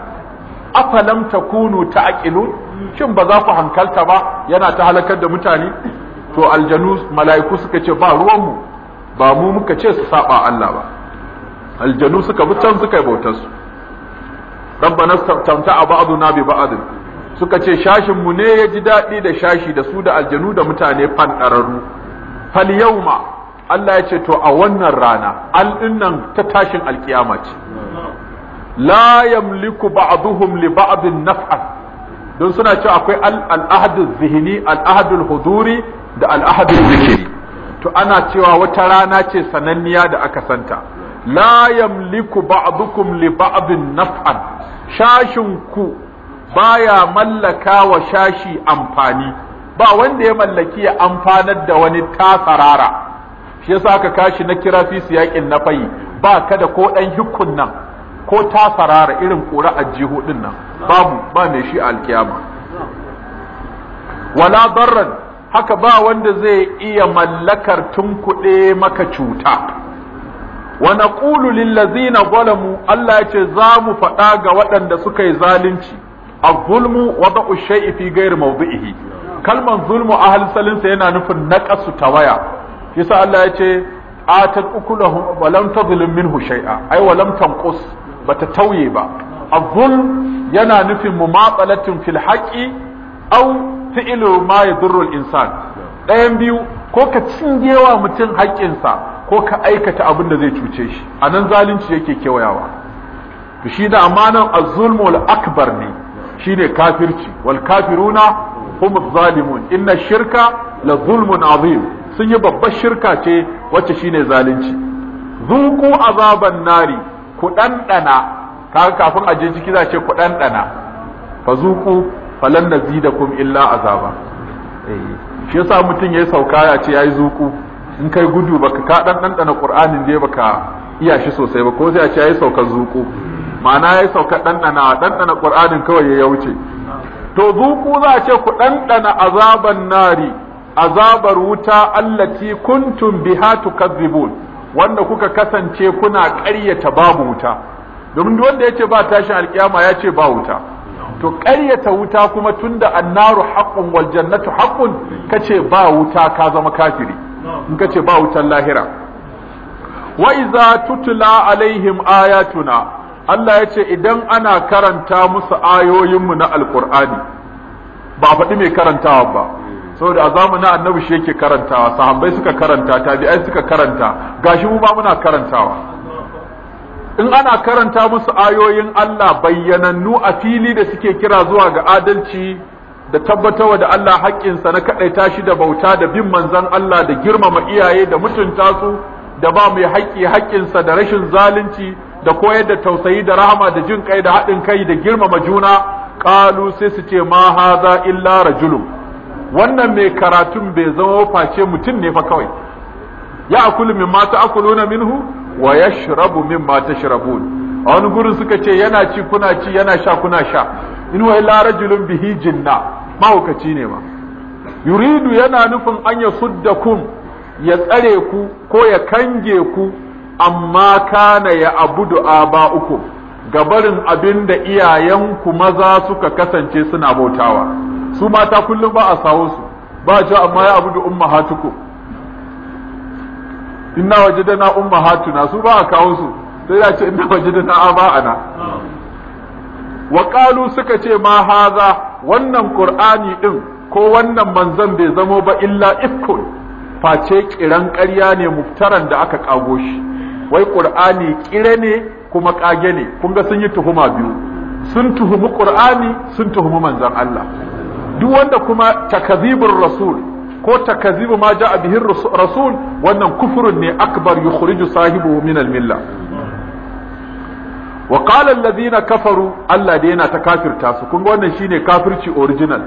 Speaker 1: afalam takunu ta'qilun shin ba za ku hankalta ba yana ta halakar da mutane to aljanu mala'iku suka ce ba ruwanmu ba mu muka ce su saba Allah ba aljanu suka bi can suka yi bautar su rabbana istamta'a ba'duna bi ba'd suka ce shashin mu ne ya ji daɗi da shashi da su da aljanu da mutane fanɗararru fal yauma Allah ya ce to a wannan rana al'innan ta tashin alkiyama ce la yamliku ba'duhum li ba'din naf'an don suna cewa akwai al zihini, zihni al huduri da al-ahadu zikri to ana cewa wata rana ce sananniya da aka santa la yamliku ba'dukum li ba'din naf'an shashinku baya mallaka wa shashi amfani ba wanda ya mallaki ya amfanar da wani tasarara shi yasa aka kashi na kira fi yakin na fayi ba kada ko ɗan hikun nan ko tasarara irin kura ajihu din nan babu ba mai shi alkiyama wala darran haka ba wanda zai iya mallakar tun kuɗe maka cuta wa naqulu lil ladzina zalamu Allah ya ce za mu faɗa ga waɗanda suka yi zalunci az-zulmu wada'u shay'i fi ghairi mawdi'ihi kalman zulmu ahal salinsa yana nufin naqasu tawaya yasa Allah yace ce atat ukulahum wa lam tadhlim minhu shay'a ai wa lam tanqus bata tauye ba az-zulm yana nufin mumatsalatin fil haqqi aw fi'lu ma yadurru al-insan ɗayan biyu ko ka cinjewa mutum haƙƙinsa ko ka aikata abin da zai cuce shi a nan zalunci yake kewayawa to shi da amanan az-zulmu wal akbar ne shine kafirci wal kafiruna hum zalimun inna shirka la zulmun azim sun yi babbar shirka ce wacce shine zalunci zuqu azaban nari ku dandana kaga kafin a je ciki za ce ku dandana fa zuqu falan nazidakum illa azaba eh shi yasa mutun yayi sauka ya ce yayi zuku in kai gudu baka ka dan dana qur'anin je baka iya shi sosai ba ko sai a ce yayi saukar zuku ma'ana yayi saukar dan ɗanɗana qur'anin kawai ya wuce to zuku za a ce ku ɗanɗana azaban nari azabar wuta allati kuntum biha tukadzibun wanda kuka kasance kuna ƙaryata babu wuta domin duk wanda ce ba tashin alkiyama yace ba wuta to ƙaryata wuta kuma tunda annaru haqqun wal jannatu haqqun kace ba wuta ka zama kafiri in ka ce ba wutan lahira wa iza tutla alaihim ayatuna Allah ya ce idan ana karanta musu ayoyinmu na alkur'ani ba a faɗi mai karantawa ba saboda a zamanin annabi shi yake karantawa sahabbai suka karanta tabi'ai suka karanta gashi mu ba muna karantawa in ana karanta musu ayoyin Allah bayyanannu a fili da suke kira zuwa ga adalci da tabbatarwa da Allah haƙƙinsa na kaɗaita shi da bauta da bin manzan Allah da girmama iyaye da mutunta su da ba mai haƙƙi haƙƙinsa da rashin zalunci da koyar da tausayi da rahama da jin kai da haɗin kai da girmama juna ƙalu sai su ce ma haza illa rajulun wannan mai karatun bai zama face mutum ne fa kawai ya akulu min ma ta'kuluna minhu wa yashrabu min ma tashrabun a wani gurin suka ce yana ci kuna ci yana sha kuna sha in wa illa rajulun bihi jinna mahaukaci ne ma yuridu yana nufin an ya suddakum ya tsare ku ko ya kange ku amma kana ya abudu aba uku gabarin abin da iyayenku maza suka kasance suna bautawa su mata kullum ba a sawo su ba ja amma ya abudu ummahatukum inna wajadana ummahatuna su ba a kawo su sai ya ce inna wajadana aba'ana wa suka ce ma haza wannan ƙur'ani ɗin ko wannan manzan bai zamo ba illa ifkun face ƙiran ƙarya ne muftaran da aka kago shi wai ƙur'ani ƙire ne kuma ƙage ne kun ga sun yi tuhuma biyu sun tuhumi ƙur'ani sun tuhumi manzon Allah duk wanda kuma takazibur rasul ko takazibu ma ja'a bihi rasul wannan kufurin ne akbar yukhriju sahibu min al-milla wa qala allazina kafaru Allah da yana ta kafirta su kun ga wannan shine kafirci orijinal.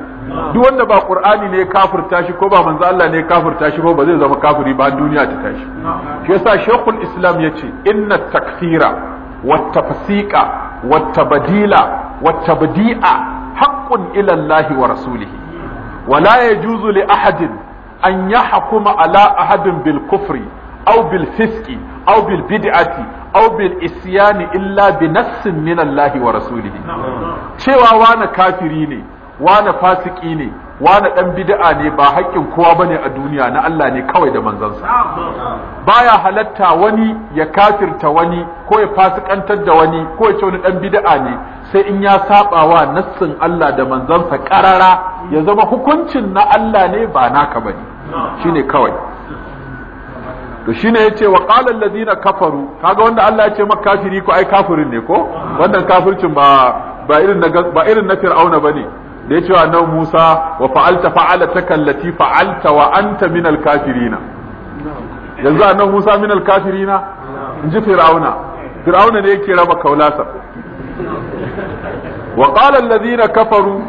Speaker 1: duk wanda ba ƙur'ani ne kafirta shi ko ba manzo Allah ne kafirta shi ba zai zama kafiri ba duniya ta tashi shi yasa shaykhul islam ya ce. inna takfira wat tafsiqa wat tabdila wat tabdi'a haqqun ila wa rasulihi Wala la yajuzu li ahadin an yahkuma ala ahadin bil kufri aw bil fiski aw bil bid'ati aw bil isyani illa bi nassin min Allah wa rasulihi cewa wani kafiri ne wani fasiki ne wani dan bid'a ne ba haƙƙin kowa bane a duniya na Allah ne kawai da manzansa baya halatta wani ya kafirta wani ko ya fasikantar da wani ko ya ce wani dan bid'a ne sai in ya wa nassin Allah da manzansa karara ya zama hukuncin na Allah ne ba naka bane shine kawai to shine yace wa qala alladhina kafaru kaga wanda Allah ya ce maka kafiri ko ai kafirin ne ko wannan kafircin ba irin na ba ne. Da fir'auna ce da yace wa annabi Musa wa fa'alta fa'alataka allati fa'alta wa anta minal kafirina yanzu annabi Musa minal kafirina ji fir'auna fir'auna ne yake raba kaulasa wa qala alladhina kafaru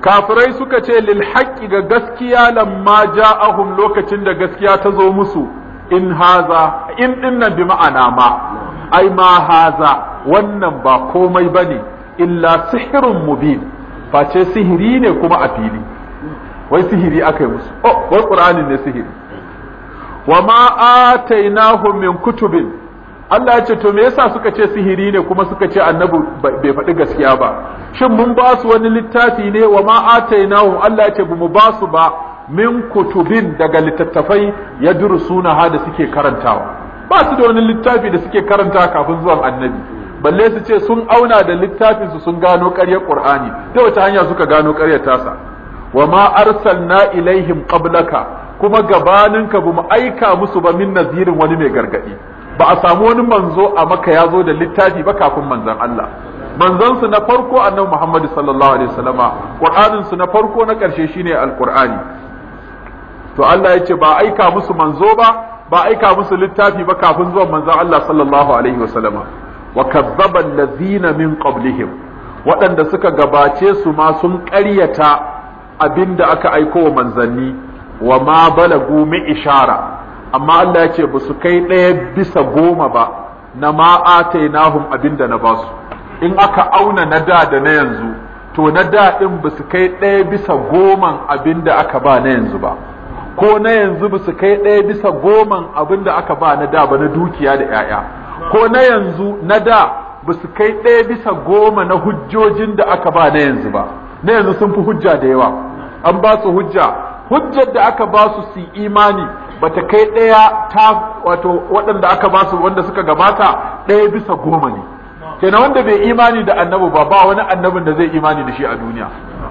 Speaker 1: kafirai suka ce lil haƙƙi ga gaskiya lamma ja'ahum lokacin da gaskiya ta zo musu in haza in dinnan bi ma'ana ma ai ma haza wannan ba komai bane illa sihirun mubin face sihiri ne kuma a fili wai sihiri aka yi musu oh wai qur'ani ne sihiri wa ma atainahum min kutubin Allah ya ce to me yasa suka ce sihiri ne kuma suka ce annabi bai faɗi gaskiya ba shin mun ba su wani littafi ne wa ma atainahum Allah ya ce mu ba su ba min kutubin daga littattafai ya suna ha da suke karantawa ba su da wani littafi da suke karanta kafin zuwan annabi balle su ce sun auna da littafin su sun gano ƙaryar qur'ani ta wace hanya suka gano ƙaryar tasa wa ma arsalna ilaihim qablaka kuma gabanin ka bamu aika musu ba min nazirin wani mai gargadi ba a samu wani manzo a maka ya zo da littafi ba kafin manzon Allah manzansu na farko annabi Muhammad sallallahu alaihi wasallama qur'anin su na farko na ƙarshe shine alqur'ani to Allah ya ce ba aika musu manzo ba ba aika musu littafi ba kafin zuwan manzon Allah sallallahu alaihi wasallama wa kazzaba allazina min qablihim waɗanda suka gabace su ma sun ƙaryata abinda aka aiko wa manzanni wa ma balagu mi ishara amma Allah ya ce ba su kai ɗaya bisa goma ba na ma atainahum abinda na basu in aka auna na da da na yanzu to na da ɗin ba su kai ɗaya bisa goman abinda aka ba na yanzu ba ko na yanzu ba su kai ɗaya bisa goman abin da aka ba na da ba na dukiya da 'ya'ya ko na yanzu na da ba su kai ɗaya bisa goma na hujjojin da aka ba na yanzu ba na yanzu sun fi hujja da yawa an ba su hujja hujjar da aka ba su su imani ba ta kai ɗaya ta wato waɗanda aka ba su wanda suka gabata ɗaya bisa goma ne kenan wanda bai imani da annabi ba ba wani annabin da zai imani da shi a duniya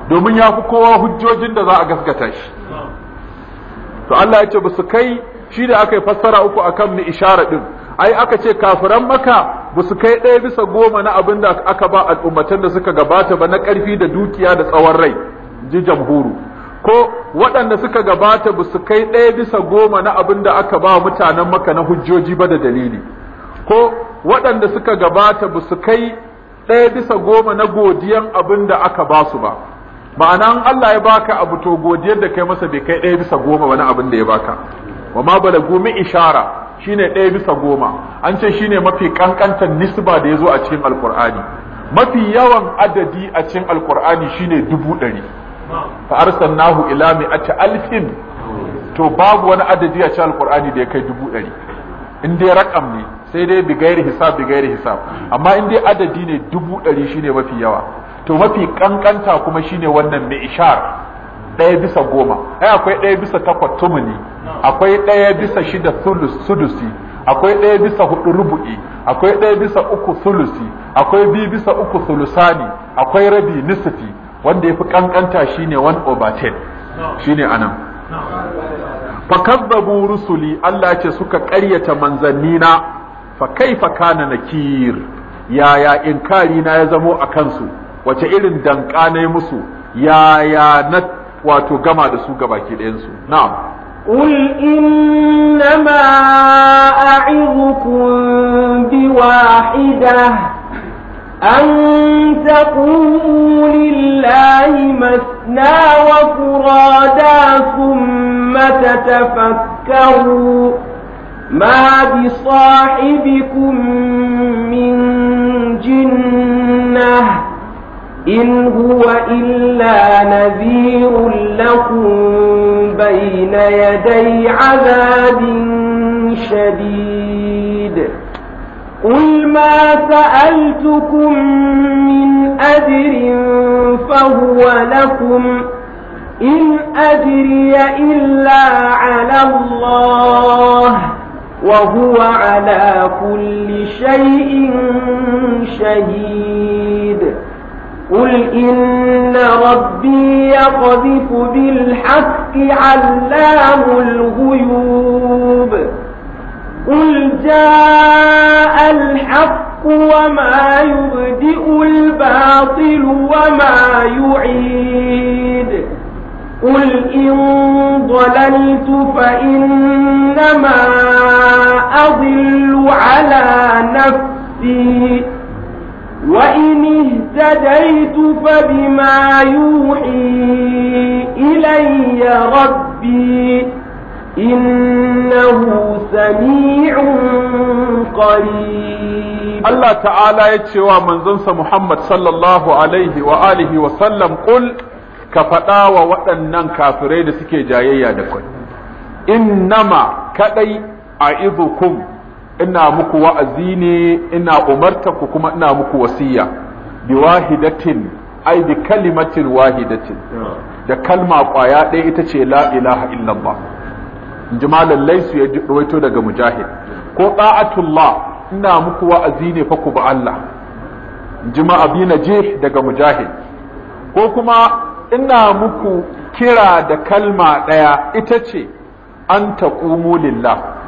Speaker 1: domin ya fi kowa hujjojin da za a gaskata shi to Allah ya ce ba su kai shi da aka yi fassara uku akan ni ishara ɗin ai aka ce kafiran maka ba su kai ɗaya bisa goma na abin da aka ba al'ummatan da suka gabata ba na ƙarfi da dukiya da tsawon rai ji jamhuru ko waɗanda suka gabata ba su kai ɗaya bisa goma na abin da aka ba mutanen maka na hujjoji ba da dalili ko waɗanda suka gabata ba su kai ɗaya bisa goma na godiyan abin da aka ba su ba ma'ana Allah ya baka abu to godiyar da kai masa bai kai ɗaya bisa goma wani abin da ya baka wa ma bala gumi ishara shine ɗaya bisa goma an ce shine mafi kankantar nisba da ya zo a cikin alkur'ani mafi yawan adadi a cikin alkur'ani shine dubu ɗari fa arsalnahu ila mi'ati alfin to babu wani adadi a cikin alkur'ani da ya kai dubu ɗari in dai rakam ne sai dai bi gairi hisab bi gairi hisab amma in dai adadi ne dubu ɗari shine mafi yawa to mafi kankanta kuma shine wannan mai ishar ɗaya bisa goma ai akwai ɗaya bisa takwas tumuni akwai ɗaya bisa shida thulus sudusi akwai ɗaya bisa hudu rubu'i akwai ɗaya bisa uku sulusi akwai biyu bisa uku sulusani akwai rabi nisifi wanda ya fi kankanta shine one over ten shine anan fakazzabu rusuli Allah ce suka ƙaryata manzannina fa kaifa kana nakir yaya inkari na ya zamo a kansu wace irin danka ne musu ya ya na wato gama da su ga baki ɗayan su na'am
Speaker 2: qul inna ma a'idukum bi wahida an taqulillahi masna wa quradakum mata tafakkaru ma bi sahibikum min jinnah إن هو إلا نذير لكم بين يدي عذاب شديد قل ما سألتكم من أجر فهو لكم إن أجري إلا على الله وهو على كل شيء شهيد قل إن ربي يقذف بالحق علام الغيوب قل جاء الحق وما يبدئ الباطل وما يعيد قل إن ضللت فإنما أضل على نفسي وإن اهتديت فبما يوحي إلي ربي إنه سميع قريب الله
Speaker 1: تعالى يتشوى من زنس محمد صلى الله عليه وآله وسلم قل كفتاوى وأنن كافرين سكي جايا دكوي إنما كدي أعظكم ina muku wa'azi ne ina ku kuma ina muku wasiya bi wahidatin ai bi kalimatin wahidatin da kalma kwaya ɗaya ita ce la ilaha illallah in ji malallai su ya rawaito daga mujahid ko ta'atullah ina muku wa'azi ne fa ku ba Allah in ji ma'abi daga mujahid ko kuma ina muku kira da kalma ɗaya ita ce an taqumu lillah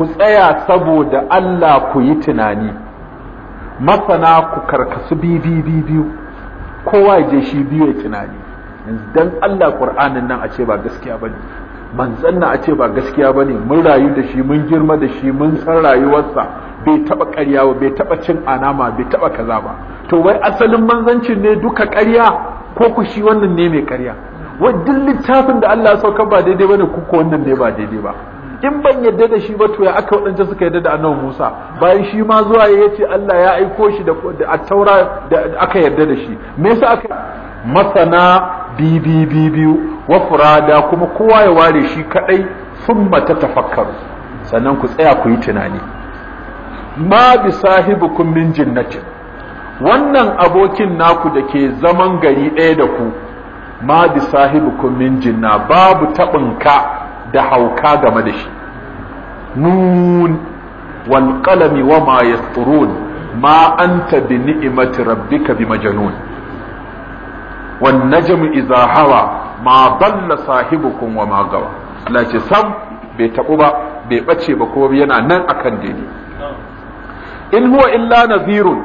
Speaker 1: ku tsaya saboda Allah ku yi tunani masana ku karkasu biyu kowa je shi biyu ya tunani yanzu dan Allah Qur'anin nan a ce ba gaskiya bane manzon nan a ce ba gaskiya bane mun rayu da shi mun girma da shi mun san rayuwarsa bai taba ƙarya ba bai taba cin anama bai taba kaza ba to wai asalin manzancin ne duka ƙarya ko ku shi wannan ne mai ƙarya wai duk littafin da Allah ya sauka ba daidai bane ku ko wannan ne ba daidai ba in ban yadda da shi ba to ya aka waɗanda suka yadda da annabi Musa bayan shi ma zuwa ya ce Allah ya aiko shi da attaura da aka yadda da shi me yasa aka masana bibibibiu wa furada kuma kowa ya ware shi kadai sun mata tafakkar sannan ku tsaya ku yi tunani ma bi sahibukum min jannatin wannan abokin naku da ke zaman gari ɗaya da ku ma bi sahibukum min jinna babu taɓin ka da hauka game da shi nun walƙalami wa ma yasturun ma anta bi ni'imati rabbika bi Wanne wan najmu idha hawa ma balla sahibukum wa ma gawa Allah sam bai tabu ba bai bace ba ko yana nan akan daidai in huwa illa Nazirun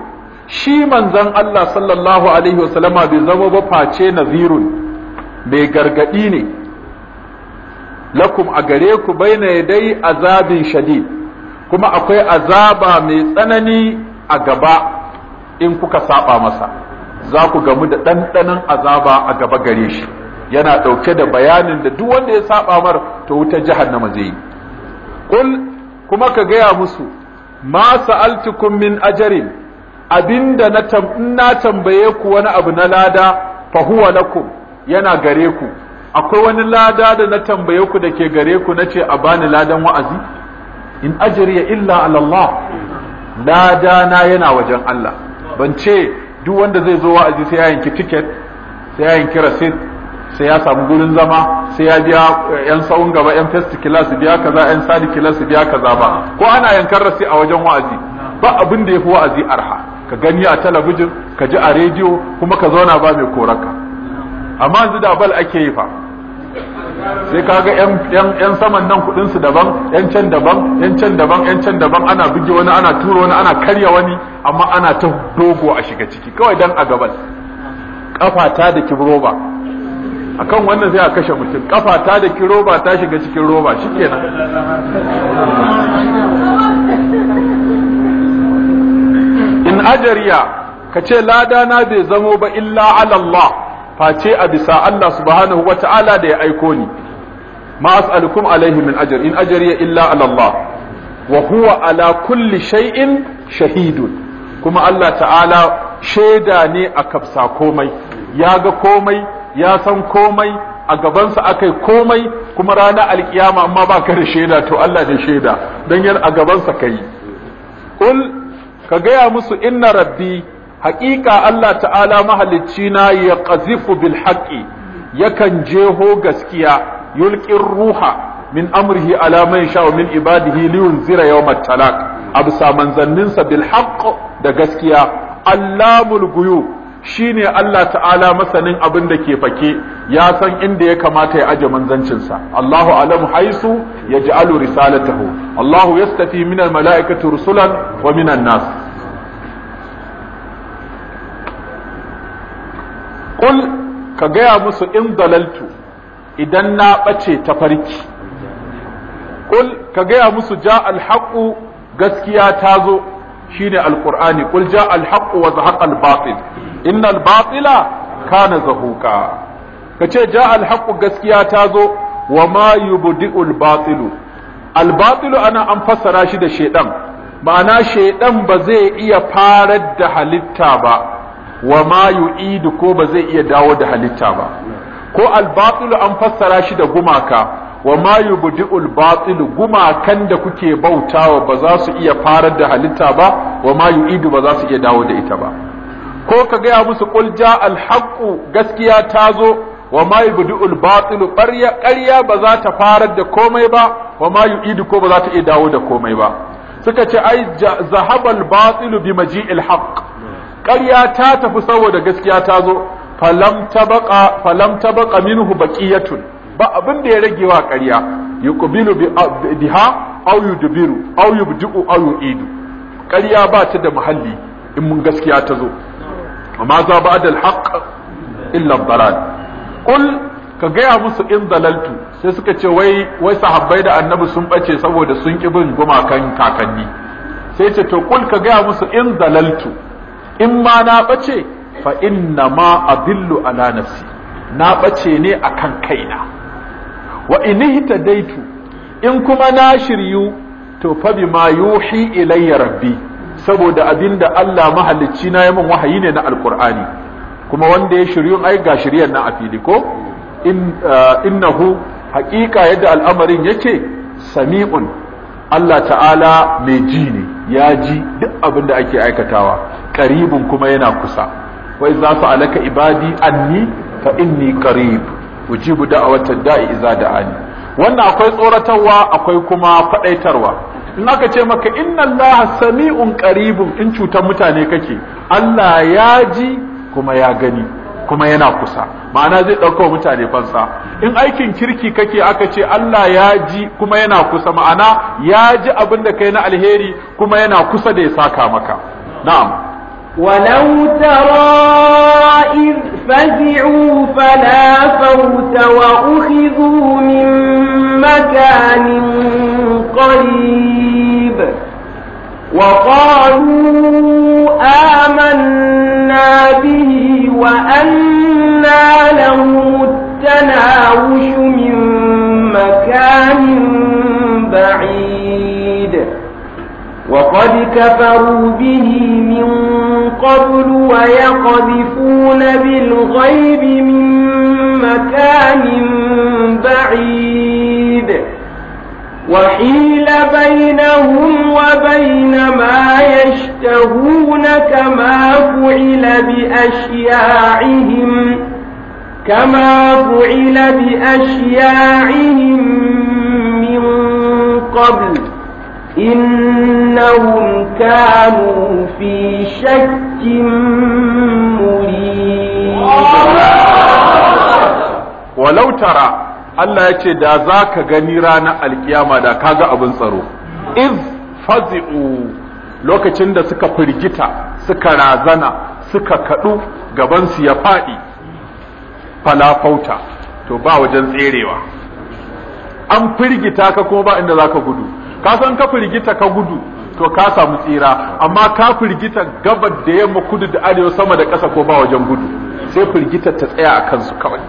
Speaker 1: shi manzon Allah sallallahu alaihi wasallama bai zama ba face Nazirun? mai gargadi ne lakum a gare ku baina dai azabin shadid kuma akwai azaba mai tsanani a gaba in kuka saba masa za ku gamu da ɗanɗanon azaba a gaba gare shi yana ɗauke da bayanin da duk wanda ya saba mar ta wuta jahannama zai yi kuma ka gaya musu ma sa'altukum min ajarin abinda na tambaye ku wani abu na lada fa huwa lakum yana gare ku akwai wani lada da na tambaye ku da ke gare ku ce a bani ladan wa'azi in ajriya illa ala Allah lada na yana wajen Allah ban ce duk wanda zai zo wa'azi sai ya yanki ticket sai ya yanki receipt sai ya samu gurin zama sai ya biya eh, yan sawun gaba yan first class biya kaza yan sadi class biya kaza ba ko ana yankar rasi a wajen wa'azi ba abin da yafi wa'azi arha ka gani a talabijin ka ji a rediyo kuma ka zauna ba mai koraka amma yanzu da bal ake yi fa sai kaga yan yan saman nan kudin su daban yan can daban yan can daban yan can daban ana buge wani ana tura wani ana karya wani amma ana ta dogo a shiga ciki kawai dan a gaban kafata da roba akan wannan sai a kashe mutum kafata da roba ta shiga cikin roba shikenan in ajariya kace lada na bai zamo ba illa ala Allah face a bisa Allah subhanahu wa ta'ala da ya aiko ni ma as'alukum alaihi min ajr in ya illa ala Allah wa huwa ala kulli shay'in shahidun kuma Allah ta'ala shaida ne a kafsa komai ya ga komai ya san komai a gabansa akai komai kuma rana alkiyama amma ba ka da shaida to Allah da shaida don yan a gabansa kai kul ka gaya musu inna rabbi haƙiƙa Allah ta'ala mahalicci na ya ƙazifu bil haƙi yakan jeho gaskiya yulƙin ruha min amrihi ala man sha min ibadihi li yunzira yawm talaq absa manzanninsa bil haqq da gaskiya allamul guyub shine Allah ta'ala masanin abin da ke fake ya san inda ya kamata ya ajiye manzancinsa Allahu alam haisu yaj'alu risalatahu Allahu yastafi minal mala'ikatu, rusulan wa minan nas Kul ka gaya musu in dalaltu idan na ɓace ta farki Kul ka gaya musu ja alhaƙu gaskiya ta zo shine Alƙur'ani. Kul ja alhaqu wa zahaqa albatil innal batila kana Ka kace ja alhaƙu gaskiya ta zo wa ma yubdi'ul batilu albatilu ana an fassara shi da shedan ma'ana shedan ba zai iya farar da halitta ba wa ma yu'idu ko ba zai iya dawo da halitta ba ko al-batil an fassara shi da gumaka wa ma yubdi'ul batil gumakan da kuke bautawa ba za su iya farar da halitta ba wa ma yu'idu ba za su iya dawo da ita ba ko ka gaya musu qul al haqqu gaskiya ta zo wa ma yubdi'ul batil qarya qarya ba za ta farar da komai ba wa ma yu'idu ko ba za ta iya dawo da komai ba suka ce ai zahabal batil bi maji'il haqq ƙarya ta tafi saboda gaskiya ta zo falam tabaqa falam tabaqa minhu baqiyatun ba abin da ya rage wa ƙarya yuqbilu biha aw yudbiru aw yubdi'u aw yu'idu ƙarya ba ta da muhalli in mun gaskiya ta zo amma za ba da alhaq illa dalal qul ka gaya musu in dalaltu sai suka ce wai wai sahabbai da annabi sun bace saboda sun ki bin gumakan kakanni sai ce to kul ka gaya musu in dalaltu in ma na bace fa inna ma abillu ala nafsi na bace ne akan kaina wa ta daitu in kuma na shiryu to fa ma yuhi ilayya rabbi saboda abinda Allah mahalicci na yamin wahayi ne na alqur'ani kuma wanda ya shiryu, ai ga shiryan na a fili ko in ah, innahu haqiqa yadda al'amarin yake sami'un Allah ta'ala mai ji ne ya ji duk abin da ake aikatawa karibin kuma yana kusa Wai wa su alaka ibadi anni fa inni qarib ujibu da'watad da'i da da'ani wannan akwai tsoratarwa akwai kuma fadaitarwa in aka ce maka inna allaha sami'un qaribun in cutar mutane kake Allah ya ji kuma ya gani kuma yana kusa ma'ana zai ɗauka mutane fansa in aikin kirki kake aka ce Allah ya ji kuma yana kusa ma'ana ya ji abin da kai na alheri kuma yana kusa da ya saka maka na'am ولو
Speaker 2: ترى إذ فزعوا فلا فوت وأخذوا من مكان قريب وقالوا آمنا به وأنا له التناوش من مكان بعيد وقد كفروا به من قبل ويقذفون بالغيب من مكان بعيد وحيل بينهم وبين ما يشتهون كما فعل بأشياعهم كما فعل بأشياعهم من قبل إنهم كانوا في شك مريب
Speaker 1: ولو ترى Allah ya ce da za ka gani ranar alkiyama da ka ga abin tsaro iz fazi'u lokacin da suka firgita suka razana suka kaɗu gabansu ya faɗi falafauta to ba wajen tserewa an firgita ka kuma ba inda za ka gudu ka san ka firgita ka gudu to ka samu tsira amma ka firgita gabar da yamma kudu da arewa sama da ƙasa ko ba wajen gudu sai firgita ta tsaya a kansu kawai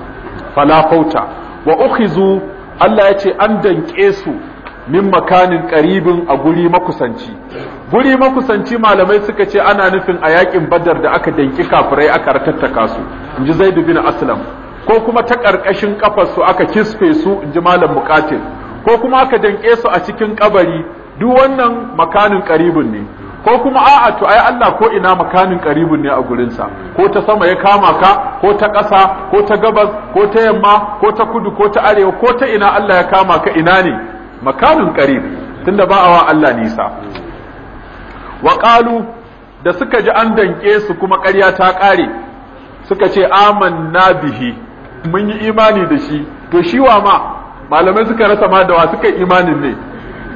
Speaker 1: falafauta wa ukhizu Allah ya ce an danke su min makanin karibin a guri makusanci guri makusanci malamai suka ce ana nufin a yakin badar da aka danki kafirai aka ratattaka su inji zaidu bin aslam ko kuma ta karkashin kafar su aka kisfe su inji malam muqatil ko kuma aka danke su a cikin kabari duk wannan makanin karibin ne ko kuma a'a to ai Allah ko ina makanin karibun ne a gurinsa, ko ta sama ya kama ka ko ta ƙasa ko ta gabas ko ta yamma ko ta kudu ko ta arewa ko ta ina Allah ya kama ka ina ne makanin karib tunda ba a wa Allah nisa wa qalu da suka ji an danke su kuma ƙarya ta ƙare suka ce amanna bihi mun yi imani da shi to shi wa ma malamai suka rasa ma da wa suka imanin ne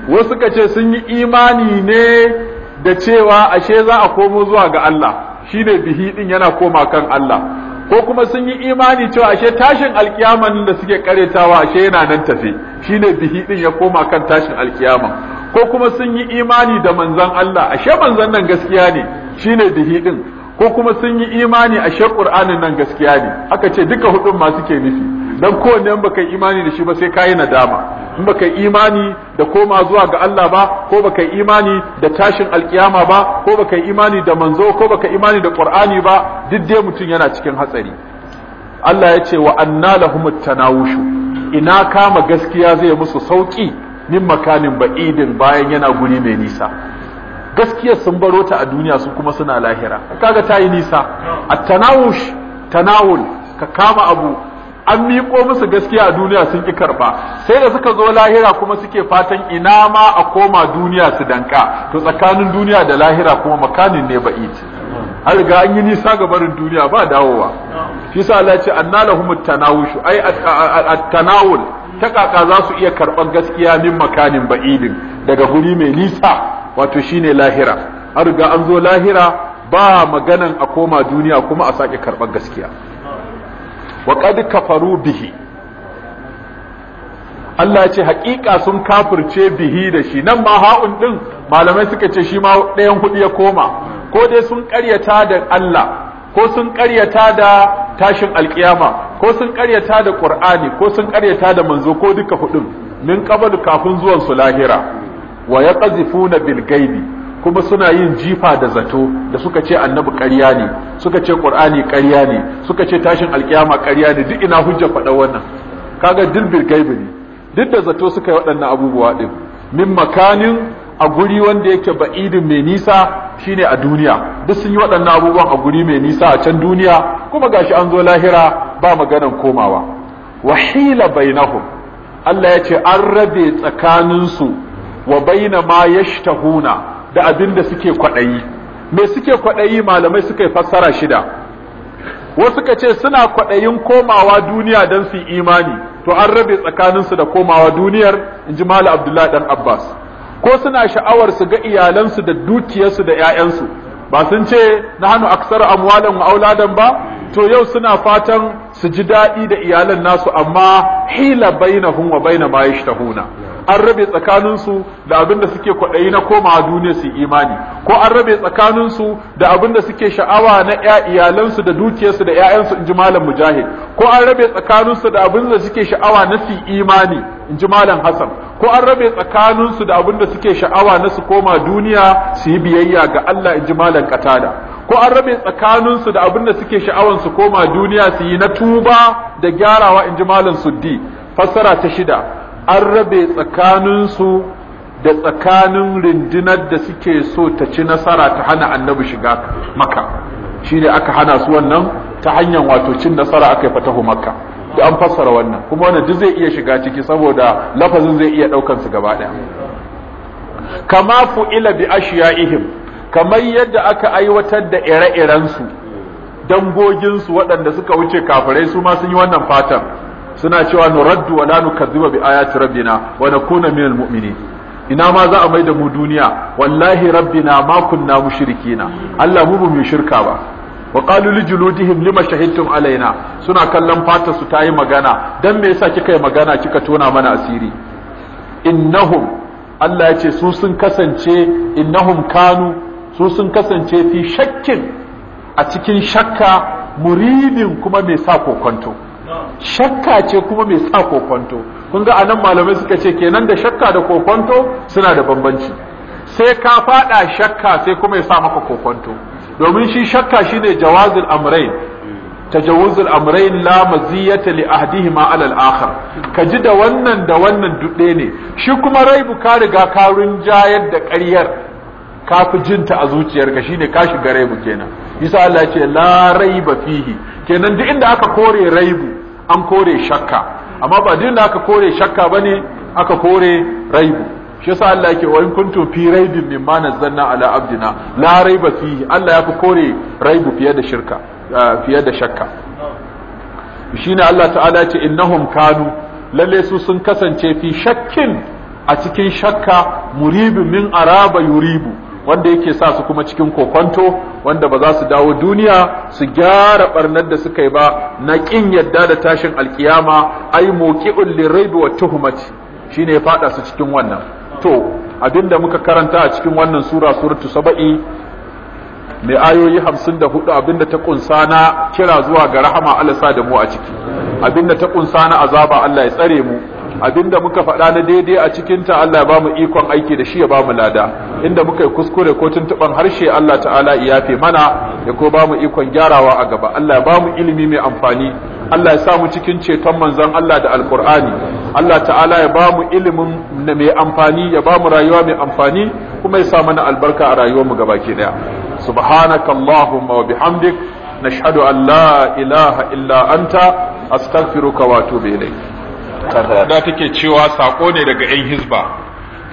Speaker 1: wasu suka ce sun yi imani ne da cewa ashe za a komo zuwa ga Allah shi ne bihi din yana koma kan Allah ko kuma sun yi imani cewa ashe tashin alkiyaman da suke karetawa ashe yana nan tafe ne bihi din ya koma kan tashin alkiyama ko kuma sun yi imani da manzon Allah ashe manzon nan gaskiya ne shi ne bihi din ko kuma sun yi imani ashe Qur'anin nan gaskiya ne aka ce duka hudun ma suke nufi dan kowanne baka imani da shi ba sai yi nadama in baka imani da koma zuwa ga Allah ba ko baka imani da tashin alkiyama ba ko baka imani da manzo ko baka imani da qur'ani ba duk dai mutum yana cikin hatsari Allah ya ce wa anna lahumut ina kama gaskiya zai musu sauki min makanin ba'idin bayan yana guri mai nisa Gaskiya sun baro ta a duniya su kuma suna lahira kaga ta yi nisa at-tanawush tanawul ka kama abu an miƙo musu gaskiya a duniya sun ki karba sai da suka zo lahira kuma suke fatan ina ma a koma duniya su danka to tsakanin duniya da lahira kuma makanin ne ba'id an riga an yi nisa ga barin duniya ba dawowa shi sa Allah ce anna lahum tanawushu ai at-tanawul ta kaka za su iya karɓar gaskiya min makanin ba'idin daga guri mai nisa wato shine lahira an riga an zo lahira ba maganan a koma duniya kuma a sake karɓar gaskiya wa qad kafaru bihi Allah ce haƙiƙa sun kafirce bihi da shi nan ma ha'un ɗin malamai suka ce shi ma ɗayan hudu ya koma ko dai sun ƙaryata da Allah ko sun ƙaryata da tashin alƙiyama ko sun ƙaryata da Ƙur'ani ko sun ƙaryata da manzo ko duka hudun min qablu kafin zuwan su lahira wa yaqzifuna bil gaibi kuma suna yin jifa da zato da suka ce annabi ƙarya ne suka ce qur'ani ƙarya ne suka ce tashin alkiyama ƙarya ne duk ina hujja faɗa wannan kaga dilbil gaibi ne duk da zato suka yi waɗannan abubuwa din min makanin a guri wanda yake ba'idin mai nisa shine a duniya duk sun yi waɗannan abubuwan a guri mai nisa a can duniya kuma gashi an zo lahira ba maganan komawa wahila bainahum Allah ya ce an rabe tsakaninsu wa baina ma yashtahuna da abin da suke kwaɗayi me suke kwaɗayi malamai suka yi fassara shida wasu ka ce suna kwaɗayin komawa duniya don su imani to an rabe tsakaninsu da komawa duniyar in ji abdullahi dan abbas ko suna sha'awar su ga iyalansu da dukiyarsu da 'ya'yansu ba sun ce na hannu aksar amwalan wa auladan ba to yau suna fatan su ji daɗi da iyalan nasu amma hila bainahum wa baina ma huna. an rabe tsakaninsu da abin da suke kwaɗayi na komawa duniya su imani ko an rabe tsakaninsu da abin da suke sha'awa na iyalansu da dukiyarsu da 'ya'yansu in ji malam mujahid ko an rabe tsakaninsu da abin da suke sha'awa na su imani in ji malam hasan ko an rabe tsakaninsu da abin da suke sha'awa na su koma duniya su yi biyayya ga Allah in ji malam katada ko an rabe tsakaninsu da abin da suke sha'awan su koma duniya su yi na tuba da gyarawa in ji malam suddi fassara ta shida an rabe tsakaninsu da tsakanin rindinar da suke so ta ci nasara ta hana annabi shiga maka shi ne aka hana su wannan ta hanyar wato cin nasara aka yi fatahu maka da an fassara wannan kuma wanda duk zai iya shiga ciki saboda lafazin zai iya ɗaukan su gaba ɗaya kama fu fu'ila bi ihim. kamar yadda aka aiwatar da ire-irensu dangoginsu waɗanda suka wuce kafirai su ma sun yi wannan fatan suna cewa nuraddu wa la nukazziba bi ayati rabbina wa nakuna al mu'minin ina ma za a mai da mu duniya wallahi rabbina ma kunna mushrikina Allah mu mu shirka ba wa qalu li juludihim lima shahidtum alaina suna kallon fata su tayi magana dan me yasa kika yi magana kika tona mana asiri innahum Allah ya ce su sun kasance innahum kanu su sun kasance fi shakkin a cikin shakka muridin kuma mai sa kokonto shakka ce kuma mai sa kokwanto. kun ga anan malamai suka ce kenan da shakka da kokwanto suna da bambanci sai ka fada shakka sai kuma ya sa maka kokwanto. domin shi shakka shine jawazul amrayn tajawuzul amrayn la maziyata li ahdihima ala al-akhar ka ji da wannan da wannan dudde ne shi kuma raibu ka riga ka rinjayar da ƙaryar ka fi jinta a zuciyar zuciyarka shine ka shiga raibu kenan isa Allah ya ce la raiba fihi kenan duk inda aka kore raibu an kore shakka amma ba din da aka kore shakka bane aka kore raibu shi yasa Allah yake wa in kuntum fi raibin mimma nazzalna ala abdina la raiba fihi Allah ya fi kore raibu fiye da shirka eh, fiye da shakka shine Allah ta'ala ce innahum kanu lalle su sun kasance fi shakkin a cikin shakka muribu min araba yuribu wanda yake sa su kuma cikin kokonto wanda ba za su dawo duniya su gyara barnar da suka yi ba na ƙin yadda da tashin alkiyama ai muqi'ul liraybi wa tuhmati shine ya fada su cikin wannan to abinda muka karanta a cikin wannan sura suratu saba'i mai ayoyi hamsin da hudu abinda ta kunsa na kira zuwa ga rahama Allah sa da mu a ciki abinda ta kunsa na azaba Allah ya tsare mu Abin da muka faɗa na daidai a cikin ta Allah ya bamu ikon aiki da shi ya bamu lada inda muka yi kuskure ko tuntuban harshe Allah ta'ala ya yafe mana ya ko ba ikon gyarawa a gaba Allah ya ba ilimi mai amfani Allah ya sa mu cikin ceton manzon Allah da alkur'ani Allah ta'ala ya ba mu ilimin mai amfani ya bamu rayuwa mai amfani kuma ya sa mana albarka a rayuwar mu gabaki daya subhanakallahumma wa bihamdik nashhadu an la ilaha illa anta astaghfiruka wa atubu ilayk da take cewa sako ne daga 'yan hizba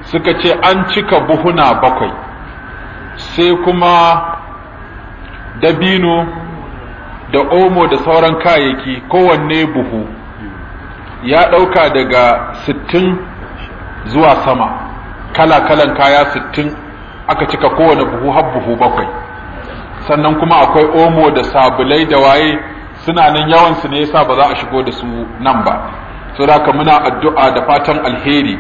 Speaker 1: suka ce an cika buhuna bakwai sai kuma dabino da omo da sauran kayayyaki kowanne buhu ya ɗauka daga sittin zuwa sama kala-kalan kaya sittin aka cika kowane buhu har buhu bakwai sannan kuma akwai omo da sabulai da waye suna nan yawansu ne yasa ba za a shigo da su nan ba saboda muna addu'a da fatan alheri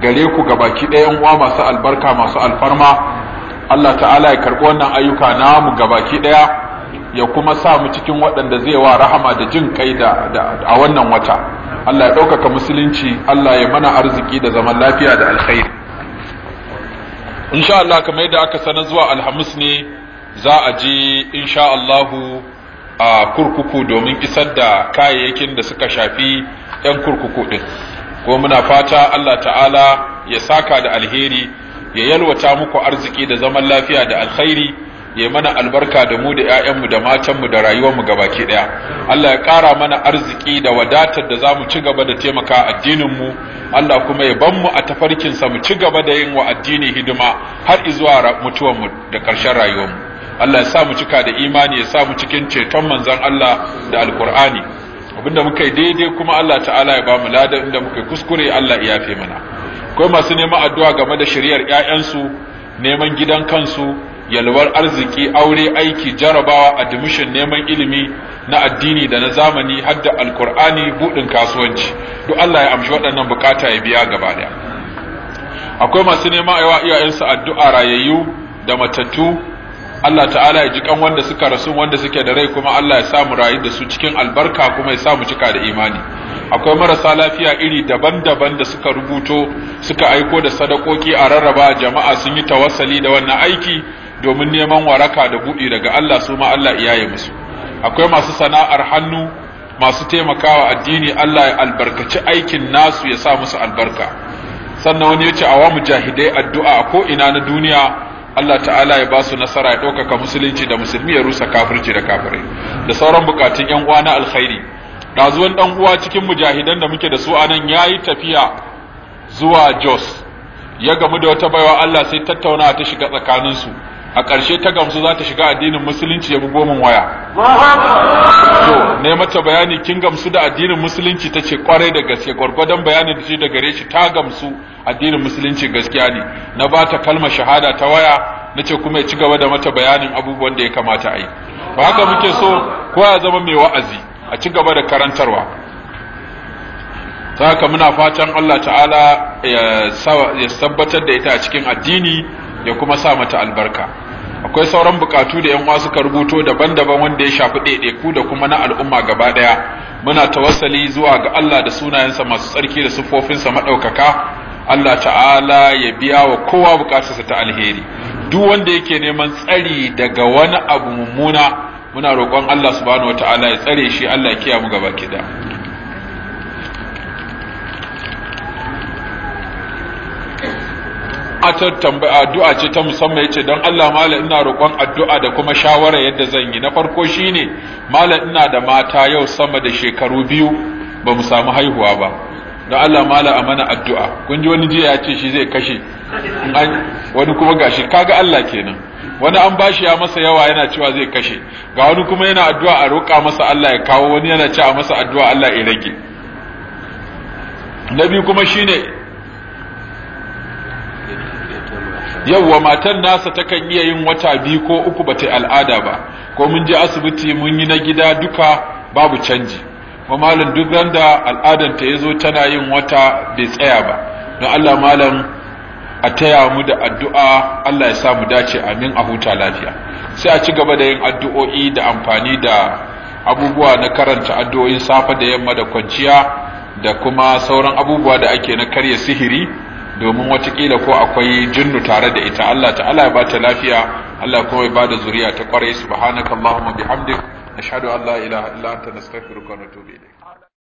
Speaker 1: gare ku ga ɗaya ɗayan uwa masu albarka masu alfarma Allah ta'ala ya karɓi wannan ayyuka namu ga baki ɗaya ya kuma sa mu cikin waɗanda zai wa rahama da jin kai da a wannan wata Allah ya ɗaukaka musulunci Allah ya mana arziki da zaman lafiya da alkhairi insha Allah kamar yadda aka sana zuwa alhamis ne za a je insha Allahu a kurkuku domin isar da kayayyakin da suka shafi 'yan kurkuku ɗin ko muna fata Allah ta'ala ya saka da alheri ya yalwata muku arziki da zaman lafiya da alkhairi ya mana albarka da mu da 'ya'yanmu da matanmu da ga baki ɗaya Allah ya ƙara mana arziki da wadatar da za mu ci gaba da taimaka addininmu Allah kuma ya ban mu a tafarkinsa mu ci gaba da yin wa addini hidima har izuwa mu da ƙarshen rayuwarmu Allah ya sa mu cika da imani ya sa mu cikin ceton manzon Allah da alkur'ani abinda muka yi daidai kuma Allah ta'ala ya bamu ladan inda muka yi kuskure Allah ya yafe mana akwai masu neman addu'a game da shari'ar ƴaƴansu neman gidan kansu yalwar arziki aure aiki jarabawa admission neman ilimi na addini da na zamani har da alkur'ani budin kasuwanci duk Allah ya amshi waɗannan bukata ya biya gaba daya akwai masu neman aiwa su addu'a rayayyu da matattu Allah ta'ala ya ji kan wanda suka rasu wanda suke da rai kuma Allah ya samu rayu da su cikin albarka kuma ya samu cika da imani akwai marasa lafiya iri daban-daban da suka rubuto suka aiko da sadakoki a rarraba jama'a sun yi tawassali da wannan aiki domin neman waraka da buɗi daga Allah su ma Allah iyaye musu akwai masu sana'ar hannu masu taimakawa addini Allah ya albarkaci aikin nasu ya sa musu albarka sannan wani ya ce awa mujahidai addu'a ko ina na duniya Allah ta'ala ya ba su nasara ya ɗaukaka musulunci da musulmi ya rusa kafirci da kafirai da sauran bukatun yan uwa na alkhairi dazuwan ɗan uwa cikin mujahidan da muke da su anan yayi tafiya zuwa Jos ya gamu da wata baiwa Allah sai tattauna ta shiga tsakanin su a ƙarshe ta gamsu za ta shiga addinin musulunci ya bi gomin waya to ne mata bayani kin gamsu da addinin musulunci ta ce kwarai da gaske gwargwadon bayanin da ce da gare shi ta gamsu addinin musulunci gaskiya ne na ba ta kalmar shahada ta waya na ce kuma ya ci gaba da mata bayanin abubuwan da ya kamata a yi ba haka muke so ko ya zama mai wa'azi a ci gaba da karantarwa ta haka muna fatan Allah ta'ala ya tabbatar da ita a cikin addini ya kuma sa mata albarka akwai sauran bukatu da yan uwa suka rubuto daban-daban wanda ya shafi ɗaiɗaiku da kuma na al'umma gaba ɗaya muna tawassali zuwa ga Allah da sunayensa masu tsarki da sufofinsa maɗaukaka Allah ta'ala ya biya wa kowa bukatarsa ta alheri duk wanda yake neman tsari daga wani abu mummuna muna roƙon Allah subhanahu ta'ala ya tsare shi Allah ya kiyaye mu gaba kida ta tambaya addu'a ce ta musamman yace dan Allah mallam ina roƙon addu'a da kuma shawara yadda zan yi na farko shine mallam ina da mata yau sama da shekaru biyu ba mu samu haihuwa ba don Allah mallam a mana addu'a kun ji wani jiya ya ce shi zai kashe wani kuma gashi kaga Allah kenan wani an bashi ya masa yawa yana cewa zai kashe ga wani kuma yana addu'a a roƙa masa Allah ya kawo wani yana cewa masa addu'a Allah ya rage na biyu kuma shine yawwa matan nasa takan iya yin wata biyu ko uku ba bata al'ada ba ko mun je asibiti mun yi na gida duka babu canji kuma malam duk randa al'adar ta yazo tana yin wata bai tsaya ba don Allah malam a taya mu da addu'a Allah ya sa mu dace amin a huta lafiya sai a ci gaba da yin addu'o'i da amfani da abubuwa na karanta addu'o'in safa da yamma da kwanciya da kuma sauran abubuwa da ake na karya sihiri domin watakila ko akwai jinnu tare da ita Allah ta'ala ya bata lafiya Allah kuma ya bada zuriya ta kwarai subhanakallahumma bihamdik nashhadu an la ilaha illa anta nastaghfiruka wa natubu ilayk